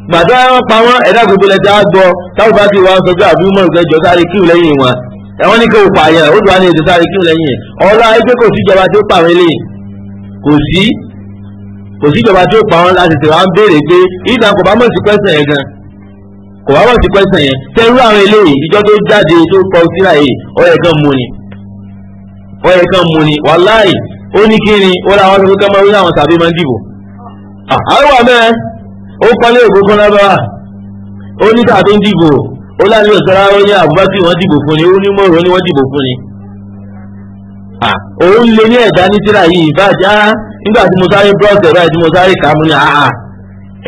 gbàtà wọn pa wọn ẹ̀dá gbogbo lẹ ti á gbọ́ táwọn bá ti wà sọ pé àbí mọ̀ ìgbẹ́jọ sáré kírun lẹ́yìn wọn ẹ̀wọ́n ní kò pààyàn ó dùn wá ní èdè sáré kírun lẹ́yìn ọlá ẹgbẹ́ kò síjọba tó pàwọn eléyìí kò sí kò sí ìjọba tí ó pa wọn láti tẹ̀wá ń béèrè pé ìdá kò bá mọ̀ sí pẹ́sẹ̀ yẹn gan kò bá mọ̀ sí pẹ́sẹ̀ yẹn tẹ́rú àwọn eléyìí ìjọ tó jáde tó kọ síra yìí ọ̀rẹ́ kan mú ni ọ̀rẹ́ kan mú ni wàláì ó ní kí ni ó láwọn sọ pé kọ́mọ orí àwọn tàbí máa ń dìbò àwọn àmọ́ ẹ ó kọ́lé òkú kan lábára ó ní tàbí ń dìbò ó láti ọ̀sára ó ní àbúbákì wọ́n dìbò fún ni ó ní mọ̀rọ̀ ó ní wọ́n dìbò fún ni. O lè ní ẹ̀dá ní tíra yìí ìbájá ah, nígbà tí mo sáré bros ẹ̀rọ àti mo sáré kàmú ni ah, ah.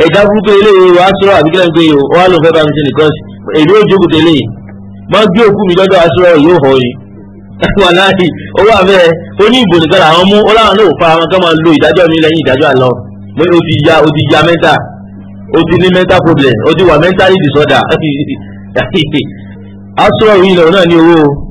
ẹ̀dá burúkú eléyìí wàá sọ̀rọ̀ àbíkẹ́lẹ́ ń pè é wàá lọ fẹ́ bá mi ṣe nìkan èmi ò jókòó tẹ́lẹ̀ máa gbé òkú mi lọ́dọ̀ aṣọ yóò họ yìí wàláhì owó abẹ́ ó ìbò nìkan làwọn mú ó láwọn náà fara wọn lo ìdájọ́ mi lẹ́yìn ìdájọ́ àlọ́ mo ní o ti ya problem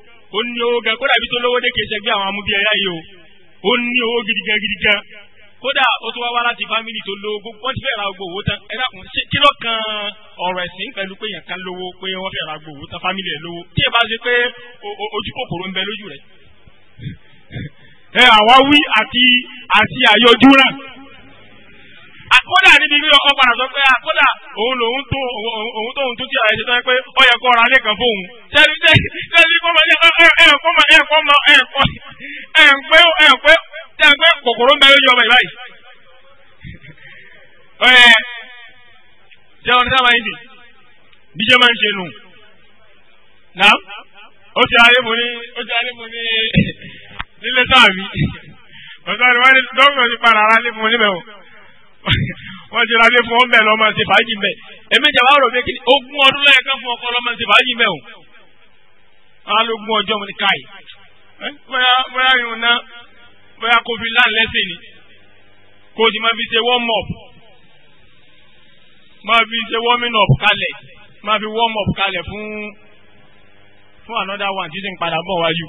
ó ní owó gan kódà ibi tó lówó dé kéṣe gbé àwọn amúbí ẹ̀yà yìí o ó ní owó gidigan gidigan kódà ó tún wá wá láti fámìlì tó lówó gbogbo wọ́n ti fẹ́ ra gbogbo owó tán ẹ dákun kí ló kan ọ̀rọ̀ ẹ̀sìn pẹ̀lú pé yẹn kan lówó pé wọ́n fẹ́ ra gbogbo owó tán fámìlì ẹ̀ lówó tí ẹ bá ṣe pé ojú kòkòrò ń bẹ lójú rẹ̀ ẹ àwa wí àti àti àyọjú náà àkọ́dà ah, níbi ilé ọkọ̀ padà sọ pé àkọ́dà ah, òun lòun tó òun tóun tó ti àyè ṣe sọ pé ó yẹ kó ra ilé kan fóun. sẹ́ni sẹ́ni kọ́ ma ẹ̀kọ́ ma ẹ̀kọ́ ma ẹ̀kọ́ ẹ̀ǹpẹ́ ẹ̀ǹpẹ́ ẹ̀ǹpẹ́ kòkòrò ń bẹ lójú ọmọ ìbáyìí. ẹ jẹ́ wọn ní sábà yìí bí jẹ́ máa ń ṣe nù. náà ó ti ayé mo ní ó ti ayé mo ní nílé sáà mi. ọ̀sán ni wọ́n ní dókítà ti padà ara lé mo níbẹ̀ wọ̀ wọ́n ti ra lé fún ọ́nbẹ̀ lọ́mọ ṣe fàájì mbẹ́ èmi jàmbá rò pé kí ogún ọdún lẹ́yìn kan fún ọkọ lọ́mọ ṣe fàájì mbẹ́ o alógún ọjọ́ mi ní káyì
bóyá bóyá yìí ná
bóyá kò fi láǹ lẹ́sìn ni kò sì máa fi ṣe warm up máa fi ṣe warming up kalẹ̀ máa fi warm up kalẹ̀ fún fún another one títí ń padà bọ̀ wáyù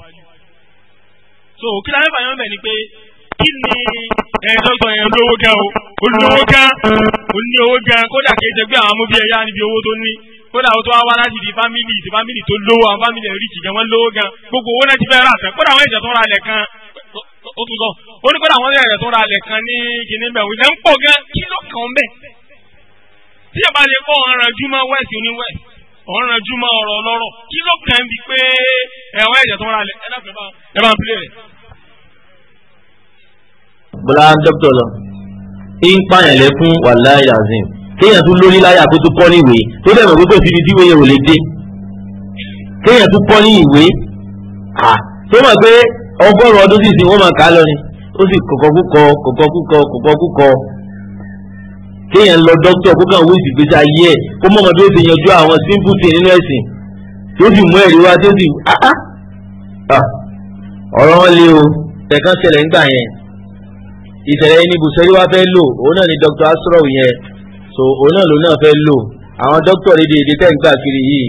so kí láyé fàyọ̀ bẹ̀ ni pé kí ni ẹ̀ẹ́dọ́gbọ̀n yẹn lówó gan o olówó gan oní owó gan kódà kì í ṣe pé àwọn amóbi ẹ̀yà níbi owó tó ní kódà ó tó wá wá láti di fámìlì ti fámìlì tó lówó àwọn fámìlì ẹ̀ríkì gan wọ́n lówó gan gbogbo owó náà ti fẹ́ rà tán kódà àwọn ìṣẹ̀ tó ra lẹ̀ kan ó tún sọ ó ní kódà àwọn ìṣẹ̀ tó ra lẹ̀ kan ní kinní bẹ̀ wọ́n ń pọ̀ gan kí ló kàn bẹ́ẹ̀ tí ẹ bá lè kọ́ ọ̀ràn júmọ́ west ní west ọ̀ràn júmọ́ ọ̀rọ̀ ọlọ́rọ̀ kí ló kàn bí pé ẹ̀wọ̀n ẹ̀jẹ̀ tó ra lẹ̀ ẹ
bọ́lá dókítà lọ ń pààyàn lẹ́kún wàláhì azim kéèyàn tún lórí láyà kó tún kọ́ ní ìwé tó dẹ̀ mọ̀ pé síbi tí ìwé yẹn ò lè dé kéèyàn tún kọ́ ní ìwé tó mọ̀ pé ọgọ́rùn ọdún sì sí wọ́n máa kà á lọ ni ó sì kọ̀kọ́ kúkọ kọ̀kọ́ kúkọ kọ̀kọ́ kúkọ kéèyàn lọ dókítà kó kàn wí ìgbésí ayé ẹ̀ kó mọ̀ bí ó ti yanjú àwọn simple thing nínú ẹ̀sìn tó sì mú ẹ̀rí wá tó sì ah, ah, ọ̀rọ̀ wọn le o ẹ̀kan ṣẹlẹ̀ nígbà yẹn ìṣẹ̀lẹ̀ yìí ni Busari wá fẹ́ lò òun náà ni Dr. astro yẹn so òun náà lòun náà fẹ́ lò àwọn dókítà lédè èdè tẹ́ ń gbà kiri yìí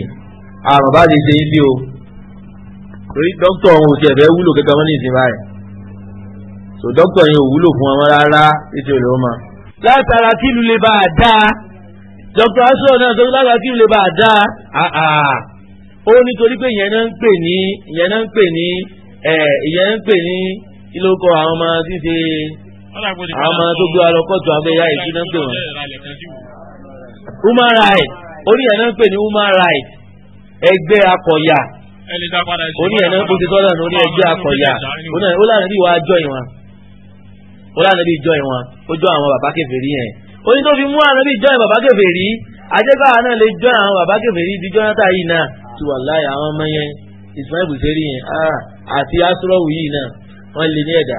àrùn bá lè ṣe yín sí o torí dókítà òun ò tiẹ̀ fẹ́ wúlò kankan wọn ní ìsinmi báyìí so dókítà yẹn ò wúlò fún wọn rárá títí olè wọn ma. látara kí ìlú lè bá a dáa Dr. Asraw náà sọ látara kí ìlú lè bá a dáa ó nítorí pé ìyẹn náà ń pè ní ìyẹn náà ń pè ní ìyẹn náà ń pè ní kí àwọn ọmọ títí
àwọn ọmọ tó gbé wa lọ kọ́tù abẹ́yà yìí náà pè wọ́n.
human right orí ẹ̀ náà pè ní human right ẹgbẹ́ akọ̀yà
orí ẹ̀ náà kó ti
tọ́lá ní ẹgbẹ́ akọ̀yà ó lànà bí wàá jọ ìwọ̀n ó lànà bí jọ ìwọ̀n ó jọ àwọn bàbá kèfèrí yẹn oní tó fi mú àná bí jọ ìwọ̀n bàbá kèfèrí ajẹ́gbà náà lè jọ àwọn bàbá kèfèrí di Jonathan yìí náà ti wà láyé àwọn ọmọ yẹn Ismail Busari yẹn ah, àti asúrọ̀wù yìí náà wọ́n lè ní ẹ̀dá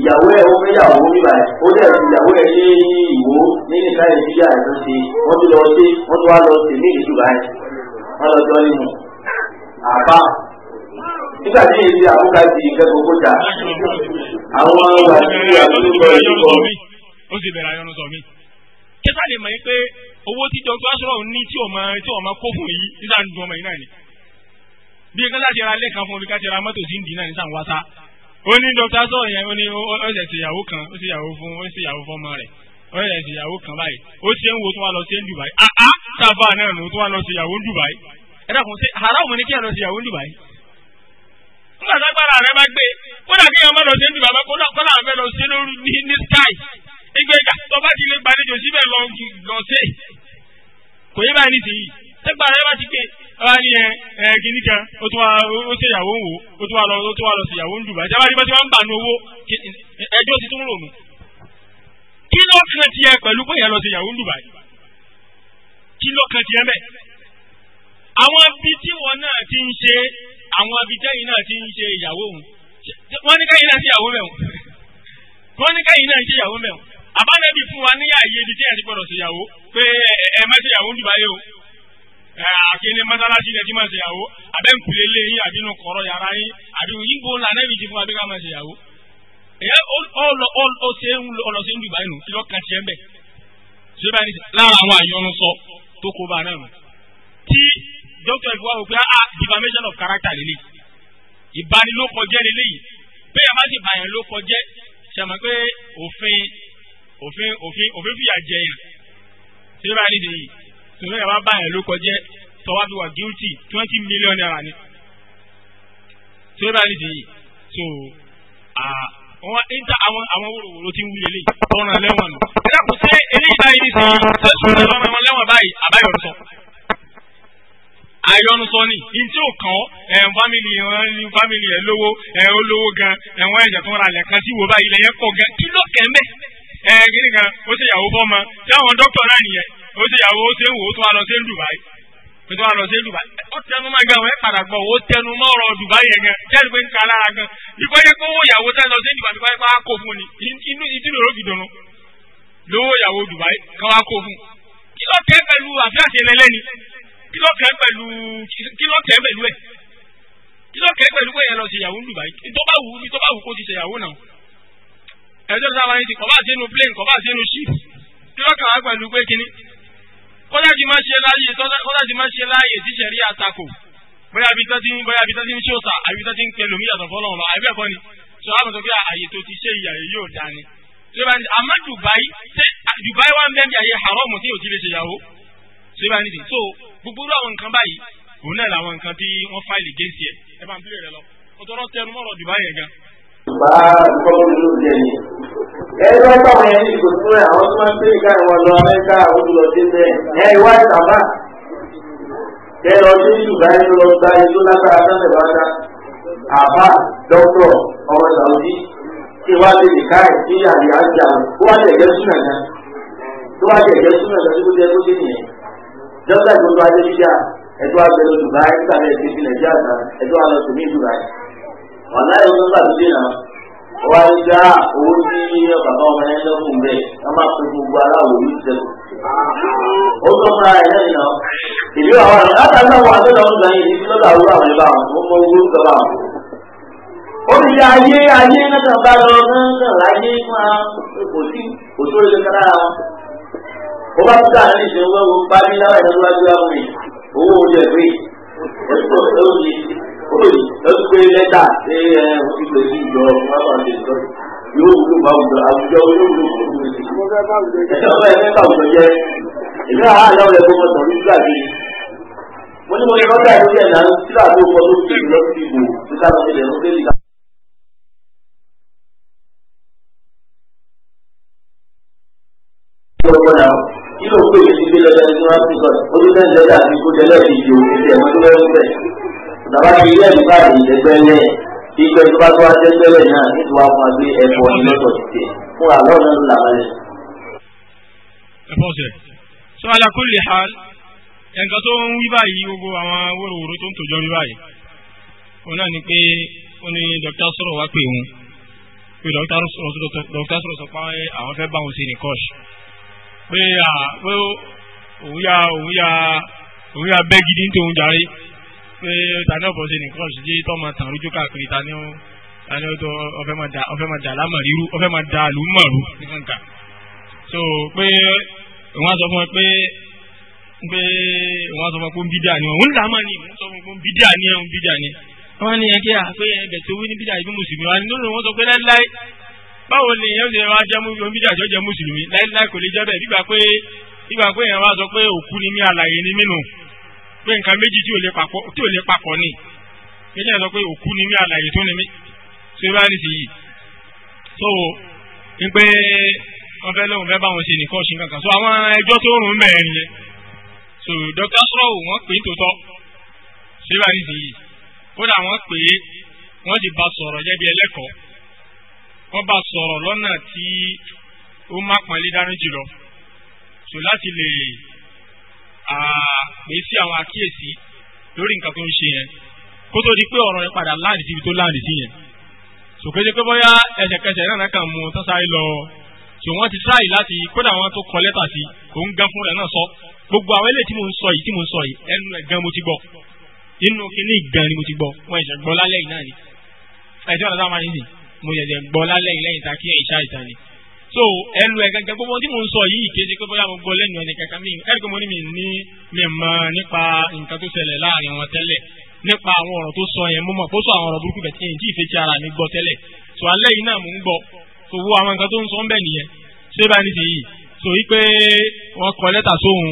ìyàwó ẹ̀ ó fẹ́yàwó nígbà yẹn ó dẹ̀ ìyàwó ẹ̀ ṣe ìwò ní nìkan ẹ̀ bíyà ẹ̀ tó ṣe wọ́n tún lọ ṣe wọ́n tún wá lọ ṣe ní ìlú báyìí wọ́n lọ jọ nínú àbá nígbà tí èyí àbúkà ti ìkẹ́kọ̀ọ́ kọjá àwọn ọmọ àti àtúntò ìlú
ó sì bẹ̀rẹ̀ ayọ́nu
lè owó tí dr asọ́rọ̀ ní tí ò tí ò kó fún yìí nígbà tó ọmọ yìí náà ni. bí kí wọ́n ṣàṣẹ́ra lẹ́ẹ̀kan fún mi ká ṣẹ́ra mọ́tò sí ń dì náà ní sàn wáṣá ó ní dókítà sọ̀rọ̀ yẹn ó ní ó ṣe ṣèyàwó kan ó ṣèyàwó fún ó ṣèyàwó fọ́mọ rẹ̀ ó ṣe ṣèyàwó kan báyìí ó ṣe ń wo tó wá lọ sí Dubai àá sábà náà nù tó wá lọ ṣèyàwó Dubai ẹ dàkún sí haramu ni kí ẹ lọ ṣèyàwó Dubai. nígbà tó agbára rẹ bá gbé kódà kí ọmọ lọ sí Dubai kódà kódà fẹ́ lọ sí lórí ní ní sky ẹgbẹ́ ìgbà tó bá ti lè gbàlejò síbẹ̀ lọ lọ sí kò yẹ báyìí nísìnyí tẹ́gbàrá yẹ bá ti gbé wá ní ẹ eh, eh, kìíní kan ó tún wá ó ṣe ìyàwó wò ó tún wá lọ ó tún wá lọ sí ìyàwó ń dùbà ìjọba ní bá ti wá ń bà ní owó ẹjọ́ ti tún rò nù. kí ló kan tiẹ̀ pẹ̀lú pé ìyá lọ sí ìyàwó ń dùbà yìí kí ló kan tiẹ̀ mẹ́. àwọn ibi tí wọn náà ti ń ṣe àwọn ibi tẹ́yìn náà ti ń ṣe ìyàwó òun wọ́n ní káyìn náà ṣe ìyàwó mẹ́wọ̀n wọ́n ní káyìn náà ṣe ìyàwó mẹ́wọ̀n àbánábì fún wa ní àkíní eh, mọ́sálásí ilẹ̀ tí máa ṣe yàwó abẹ́ǹkulé lé yín àbínú kọ̀rọ̀ yàrá yín àbí yíbo ńlá anábì ti fún wa bí ká máa ṣe yàwó. ẹ̀yẹ́ ó ṣe ń lọ sí Dubai nù kí lọ́ọ́ kan ṣe ń bẹ̀. ṣé báyìí lára àwọn àyọnu sọ tó kó bá náà nù. tí dókítà ìfowó àwọn pé ah, ah defamation of character lélẹ̀ ìbanilókọjẹ́ lélẹ̀ yìí bẹ́ẹ̀ yà má sì bàyàn lókọjẹ́ ṣàmọ́ pé òfin òfin òfin òfin fìyà jẹ yàn ṣé báyìí mùsùlùmí rẹ̀ bá bá yẹn ló kọjẹ́ tọ́wá fi wà guilty twenty million naira ni tí ó bá ní dìyí so àwọn ìta àwọn àwọn wòròwòrò tí ń wúlé lè tọ́ran lẹ́wọ̀n nù. ẹ dákun ṣé eléyìí báyìí nísìnyí sẹ́sùn lọ́rọ̀ àwọn lẹ́wọ̀n báyìí àbáyọ̀rọ̀ sọ. àyọ̀nù sọ ni ní tí ò kàn ọ́ ẹ̀ fámìlì ẹ̀ ní fámìlì ẹ̀ lówó ẹ̀ ó lówó gan ẹ̀wọ̀n ẹ̀jẹ̀ tó ń ra lẹ̀kan sí wo báyìí lẹ́yìn pọ̀ gan kí ló kẹ́ mẹ́ ẹ̀ gírígan ó ṣèyàwó fọ́mọ ó ṣe ìyàwó ó ṣe ń wò ó tún wá lọ sí Dubai ó tún wá lọ sí Dubai ó tẹnu mọ́ gan ẹ padà gbọ́ ó tẹnu mọ́ ọ̀rọ̀ Dubai yẹn gan tẹnu pé ń ka lára gan ìkọ́ yẹ kó wọ́n ìyàwó tẹ́ lọ sí Dubai nípa ipa kó fún ni inú ìdílé ló fi dùnú lówó ìyàwó Dubai kan wá kó fún kí ló kẹ́ pẹ̀lú àfíàṣe lẹ́lẹ́ni kí ló kẹ́ pẹ̀lú kí ló kẹ́ pẹ̀lú ẹ̀ kí ló kẹ́ pẹ̀lú pé yẹn lọ ṣèyàwó ń Dubai tó bá wù ú tó bá wù kó ti ṣèyàwó náà ẹjọ́ sábà yìí ti kọ́ bá sínú plane kọ́ bá sínú ship kí ló kàn wá pẹ̀lú pé kíní kódà kí máa ṣe láàyè kódà kí máa ṣe láàyè tí ṣẹ̀rí àtakò bóyá ibi tán ti ń bóyá ibi tán ti ń ṣòṣà àbí tán ti ń pẹlú mi yàtọ̀ fọlọ́run lọ àbí ẹ̀kọ́ sọ àmọ̀ tó kí àyè tó ti ṣe ìyàyè yóò dá ni. àmọ́ Dubai ṣé Dubai wà ń bẹ́ẹ̀ ní àyè haram tí yóò lè ṣe yàwó sèbá ní so gbogbo àwọn nǹkan báyìí òun náà làwọn nǹkan tí wọ́n fáìlì gé
bàá gbọ́dọ̀ ló ń
pèrè káà wọn lọ amẹ́ríkà àwọn tó dubai ọ náà yóò gbà na dé náà wọn wá ní gbá ndị tí bàbá ọmọ yẹn lọ fún ara ẹ̀ lẹ́yìn náà ìlú àwọn àrùn látàrí àwọn àtọ́nà ọ̀gbà yìí ti lọ́dọ̀ àwúrò àwọn ìbá wọn wọn mọ owó ń sọ̀rọ̀ àwọn. ó ní ayé ayé anyị bá lọ náà láyé máa kò sí òṣòro lè anyị wọn. ó bá tún káà lẹ́tà ṣé ẹ mo ti pèsè ìjọ àti ìjọ yóò wúlò bá àwùjọ yóò wúlò fún mi. ẹ̀sẹ̀ ọ̀rọ̀ ẹ̀ mẹ́ta àwùjọ jẹ́ ìgbà àlọ́ rẹ̀ gbọ́mọ sọ̀rọ̀ nígbà mo ní mo ní lọ́tà ìlú yẹn náà sílà tó kọ tó ti lọ sí ìbò tó ká lọ sí
ilẹ̀ lọ́sẹ̀ ìlà. kí ló ń pè mí lọ́dọ̀ ẹni tí wọ́n á fi
sọ̀rọ̀ ó ní bàbá ti ilé ẹ̀mí bá di ìdẹ́gbẹ́lẹ̀ ìgbẹ́ tó bá tó wá dẹ́gbẹ́lẹ̀ náà nítorí wàá fún wa gbé ẹ̀fọ́ ìlọ́tọ̀ títẹ̀ fún àlọ́ náà ń
làwọn ẹ̀fọ́ sẹ̀ so ala kulli hal
nǹkan tó ń wí báyìí gbogbo àwọn wóróworó tó ń tòjọ́ wí báyìí òun náà ni pé ó ní dókítà sọ̀rọ̀ wá pé òun pé dókítà sọ̀rọ̀ sọ pé àwọn fẹ́ bá òun ṣe nìkọ́ṣ pé òun ya òun ya òun ya bẹ́gidi ní tòun jàre pé tani ọ̀bọ̀ ṣe nìkan ṣùgbọ́n tó máa tàn lójú káàkiri tani tani ọ̀dọ̀ ọ̀fẹ́ máa dà ọ̀fẹ́ ọ̀fẹ́ máa dà lùmọ̀rú nìkankan so pé wọ́n sọ fún wọn pé pé wọ́n sọ fún wọn pé ń bídà ni wọ́n ń dà máa ní wọ́n sọ fún wọn pé ń bídà ni ẹ̀ ń bídà ni wọ́n ní ẹ̀kẹ́ àpé ẹ̀bẹ̀ tó wí ní bídà ìbí mùsùlùmí wa nínú wọn sọ pé láíláí báwo ni èèyàn ṣe wá jẹ́ bídà tó jẹ́ mùsùlùmí láíláí kò lè jẹ́ bẹ́ẹ̀ bí gbà pé èèyàn wá sọ pé pé nǹkan méjì tí ò lè papọ̀ tí ò lè papọ̀ ni kéèyàn sọ pé òkú ni mí àlàyé tó ni mí ṣé bá rí sí yìí so n pé wọn fẹ́ lóun fẹ́ bá wọn ṣe nìkan ṣe kankan so àwọn ẹjọ́ tó rùn mẹ́rin yẹn so Dr. sọ́ọ̀ wọ́n pè é tòótọ́ ṣé bá rí sí yìí kódà wọ́n pè é wọ́n sì bá sọ̀rọ̀ jẹ́bi ẹlẹ́kọ̀ọ́ wọ́n bá sọ̀rọ̀ lọ́nà tí ó má pọ́nlé dání jùlọ so láti lè pè sí àwọn àkíyèsí lórí nǹkan tó ń ṣe yẹn kó tó di pé ọ̀rọ̀ yẹn padà láàdì síbi tó láàdì sí yẹn sòkéde pé bóyá ẹsẹ̀kẹsẹ̀ náà kàn mú tán sáré lọ tí wọ́n ti tráì láti kódà àwọn tó kọ lẹ́tà sí kò ń gan fúnra náà sọ gbogbo àwọn eléyìí tí mo ń sọ yìí tí mo ń sọ yìí ẹnu ẹ̀ gan mo ti gbọ́ inú kínní gan ni mo ti gbọ́ wọn ẹ̀sẹ̀ gbọ́ lálẹ́ yìí náà ni ẹ̀sẹ̀ ọ̀dọ́ máa ń sìn mo ẹ̀sẹ̀ gbọ́ lálẹ́ yìí lẹ́yìn tá kí ẹ̀ ìṣá ìta ni so ẹnu ẹ gẹ́gẹ́ gbogbo tí mo ń sọ yìí kéde pé bóyá mo gbọ́ lẹ́nu ẹni kankan mi ẹni pé mo ní mi ní mi mọ̀ nípa nǹkan tó ṣẹlẹ̀ láàrin wọn tẹ́lẹ̀ nípa àwọn ọ̀rọ̀ tó sọ yẹn mo mọ̀ kó sọ àwọn ọ̀rọ̀ burúkú bẹ́ẹ̀ tí èyí tí ìfẹ́ ti ara mi gbọ́ tẹ́lẹ̀ so alẹ́ yìí náà mo ń gbọ́ so wo àwọn nǹkan tó ń sọ ń bẹ̀ nìyẹn ṣé bá ní ti yìí so yìí pé wọ́n kọ lẹ́tà sóhun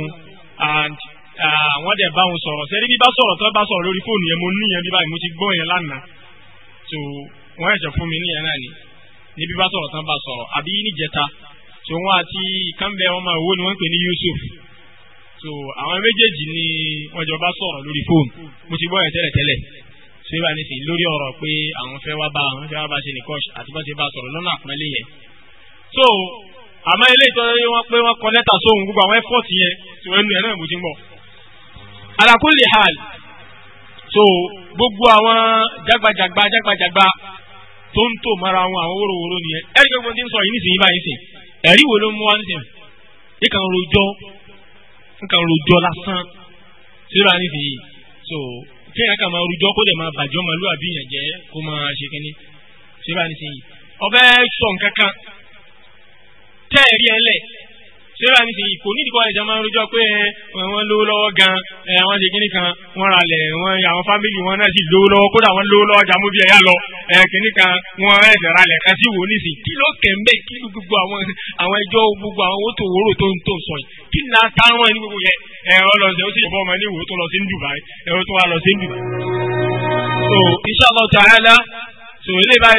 àwọn dẹ̀ bá wọn sọ̀rọ̀ sẹ́ni bí bá sọ̀rọ̀ tó bá sọ̀rọ̀ lórí fóònù yẹn mo ní yẹn bí báyìí mo ti gbọ́ yẹn lánàá so wọ́n ẹ̀jẹ̀ fún mi níyẹn náà ni níbi bá sọ̀rọ̀ tán bá sọ̀rọ̀ àbí níjẹta tó wọn àti kánbẹ ọmọ ìwó ni wọ́n ń pè ní Yusuf so àwọn méjèèjì ni wọ́n jọ bá sọ̀rọ̀ lórí fóònù mo ti gbọ́ ẹ̀ tẹ́lẹ̀tẹ́lẹ̀ tó yẹ bá ní sìn lórí ọ̀rọ̀ pé àwọn fẹ́ wá bá àwọn fẹ́ wá bá ṣe nìkan àti bá ṣe bá sọ̀rọ̀ lọ́nà àpọ́nlé yẹn so àmọ́ ilé ìtọ́jú wọn pé wọ́n kọ lẹ́tà sóhun gbogbo àwọn effort yẹn tí wọ́n nu ẹ̀ náà mo ti ń bọ̀ ala gbogbo àwọn jagbajagba jagbajagba tó ń tò mara wọn àwọn wóróworó nìyẹn ẹ̀rí pé wọ́n ti ń sọ yìí nísìnyí báyìí sìn ẹ̀rí wo ló mú wá nísìnyí nǹkan rojọ́ nǹkan rojọ́ lásán síra nísìnyí so kéèyàn kà máa rojọ́ kó dẹ̀ máa bàjọ́ máa lù àbí yẹn jẹ́ kó máa ṣe kínní síra nísìnyí ọbẹ̀ sọ nǹkan tẹ́ ẹ̀rí ẹ lẹ̀ sẹ́wà ní sèyí kò nídìí kọ́ ẹ̀jẹ̀ máa ń rojọ́ pé wọ́n lówó lọ́wọ́ gan àwọn ṣe kíní kan wọ́n ra lẹ̀ wọ́n àwọn fámìlì wọn náà sì lówó lọ́wọ́ kódà wọ́n lówó lọ́wọ́ jàmú bí ẹ̀yà lọ kíní kan wọ́n ẹ̀jẹ̀ ra lẹ̀ kan sí wò nísìn kí ló kẹ̀ ń bẹ́ kí gbogbo àwọn àwọn ẹjọ́ gbogbo àwọn owó tó wóró tó ń tó sọ yìí kí ni àtàrùn ẹni gbogbo yẹ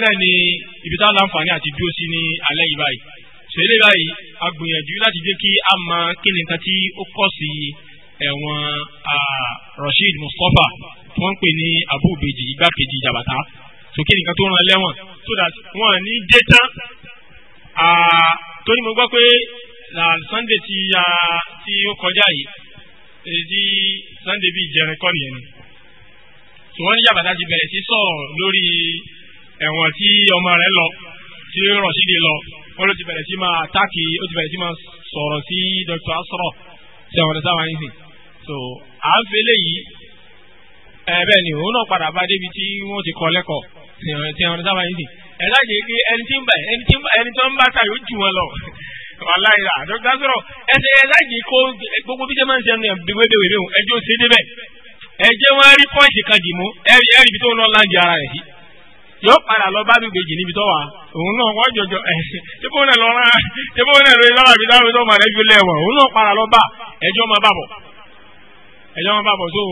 ní ni ibi táwọn láǹfààní a gbìyànjú láti jẹ́ kí a mọ kí ni nǹkan tí ó kọ́ sí ẹ̀wọ̀n Rasheed Mustapha tí wọ́n ń pè ní abúbejì igbákejì jàbàtà so kí ni nǹkan tó ràn lẹ́wọ̀n so that wọ́n ní dé tán torí mo gbọ́ pé na Sunday tí tí ó kọjá yìí èyí Sunday bíi jẹrin kọ́ nìyẹn ni so wọ́n ní jàbàtà ti bẹ̀rẹ̀ sí sọ̀rọ̀ lórí ẹ̀wọ̀n tí ọmọ rẹ̀ lọ tí Rasheed lọ wọ́n ló ti bẹ̀rẹ̀ sí máa táàkì ó ti bẹ̀rẹ̀ sí máa sọ̀rọ̀ sí Dr. Asra ṣe àwọn ọ̀dọ́ táwọn ẹ̀sìn so à ń fele yìí ẹ̀bẹ̀ ni òun náà padà bá débi tí wọ́n ti kọ́ lẹ́kọ̀ọ́ ṣe àwọn ọ̀dọ́ táwọn ẹ̀sìn ẹ̀ láti ṣe pé ẹni tí ń bá ẹni tó ń bá ta yóò jù wọn lọ wàláyé Dr. Asra ẹsẹ̀ ẹ̀ láti kó gbogbo bí ṣe máa ń ṣe ẹnu ẹ̀ ẹjọ́ ṣe débẹ̀ ẹjẹ́ wọn rí pọ́ǹsì kan dì mú ẹ̀rí ibi tó ń lọ láǹdì ara rẹ̀ sí yóò padà lọ bá dùgbèjì níbi tó wà òun náà wọ́n jọjọ ẹ̀ tẹ́fọ́n náà lọ́ra tẹ́fọ́n náà lórí lọ́ra àbídá àbídá ọmọ rẹ̀ ju lẹ́wọ̀n òun náà padà lọ bá ẹjọ́ máa bàbọ̀ ẹjọ́ máa bàbọ̀ tó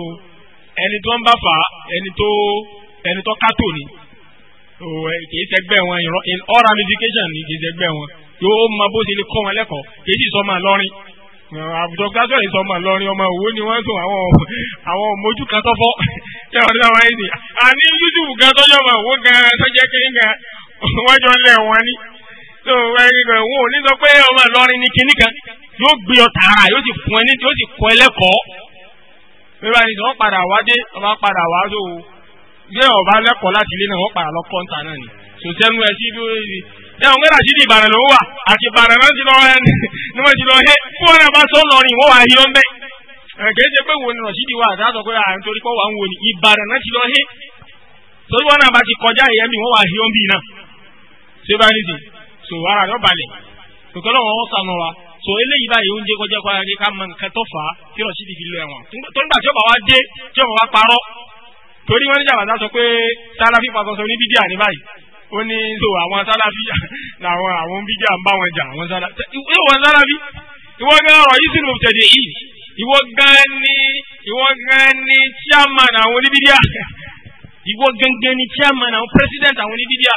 ẹni tó ń bá fà á ẹni tó ẹni tó kátó ni kìí sẹgbẹ́ wọn all ramification ni kìí sẹgbẹ́ wọn yóò mọ bó ṣe lè kọ́ wọn lẹ́kọ̀ọ́ kìí sì sọ máa lọ́rin àbùjọ gásọ̀ yìí sọ máa lọ́rin ọmọ òwò ni wọ́n sùn àwọn àwọn mójú kan tọ́fọ́ ṣé ọ̀dọ́ wa yìí nìyà àní yusuf gan tọ́jọ́ ma wo gan sọ́jẹ́ kiri gan wájọ́ lẹ̀ wọ́n ni tó ẹni gan wọn ò ní sọ pé ọmọ ìlọrin ni kinní kan yóò gbé ọ tààrà yóò sì fún ẹ ní yóò sì kọ ẹ lẹ́kọ̀ọ́ bí wàá ní sọ wọ́n padà wá dé ọba padà wá tó o ṣé ọba lẹ́kọ̀ọ́ láti ilé náà wọ́n padà lọ kọ́ńtà náà ni sòtẹ́nu ẹ sí bí ó yẹ ẹ̀wọ̀n gbẹ́dà sí di ìbàdàn wà àti ìbàdàn náà ti lọ ẹ ní wọ́n ti lọ ẹ fún ọ̀nà Eh, kìí ṣe pé wo ni rọ̀ṣídì wà àtàtọ̀ pé à ń torí pọ̀ wà ń wo ni ìbàdàn náà ti lọ hí torí wọn náà bá ti kọjá ìyẹn mi wọn wà hí ọ́n náà ṣé bá ní ti ara rẹ̀ balẹ̀ nǹkan náà wọ́n sànù wa sò eléyìí báyìí oúnjẹ kọjá kọ́ ayé ká mọ nǹkan tó fà á kí rọ̀ṣídì fi lọ ẹ̀wọ̀n tó nígbà tí ó bá wá dé tí ó bá wá parọ́ torí wọn níjà bàtà sọ pé sáláfì pàtàkì ní bídíà ní báyìí ó ní so àwọn sáláfì làwọn àwọn bídíà ń bá wọn jà àwọn sáláfì ìwọ sáláfì ìwọ ní ọ̀rọ̀ yìí sínú tẹ̀lé yìí ìwọ gan ni ìwọ gan ni chairman àwọn oníbídíà ìwọ gangan ni chairman àwọn president àwọn oníbídíà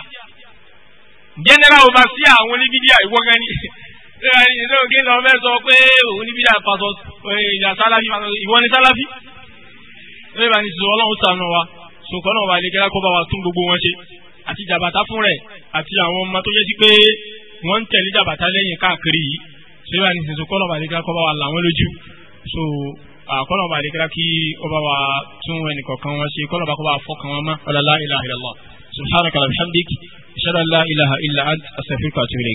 general overseer àwọn oníbídíà ìwọ gan ni ìdókè lọ fẹ́ sọ pé oníbídíà pàṣọ ìyá sálábí ìwọ ni sálábí lórí ìbáni sọ ọlọ́run sànù wa sọkọ́ náà wà lẹ́gẹ́rẹ́ kó bá wa tún gbogbo wọn ṣe àti jàbàtà fún rẹ̀ àti àwọn ọmọ tó yẹ sí pé wọ́n ń tẹ̀lé jàbàtà lẹ́yìn káàkiri yìí lórí ìbáni sọkọ́ náà wà lẹ́gẹ́rẹ́ kó bá wa là lójú so àkọlọ̀ ah, bá àdékẹ́lá kí ó bá wa tún ẹnì kọ̀ọ̀kan wọn ṣe kọ́lọ̀ bá kó bá fọkàn wọn mọ́ ọ̀là la ilaha illallah
subhanaka wa bihamdik ashhadu an ilaha illa ant astaghfiruka wa atubu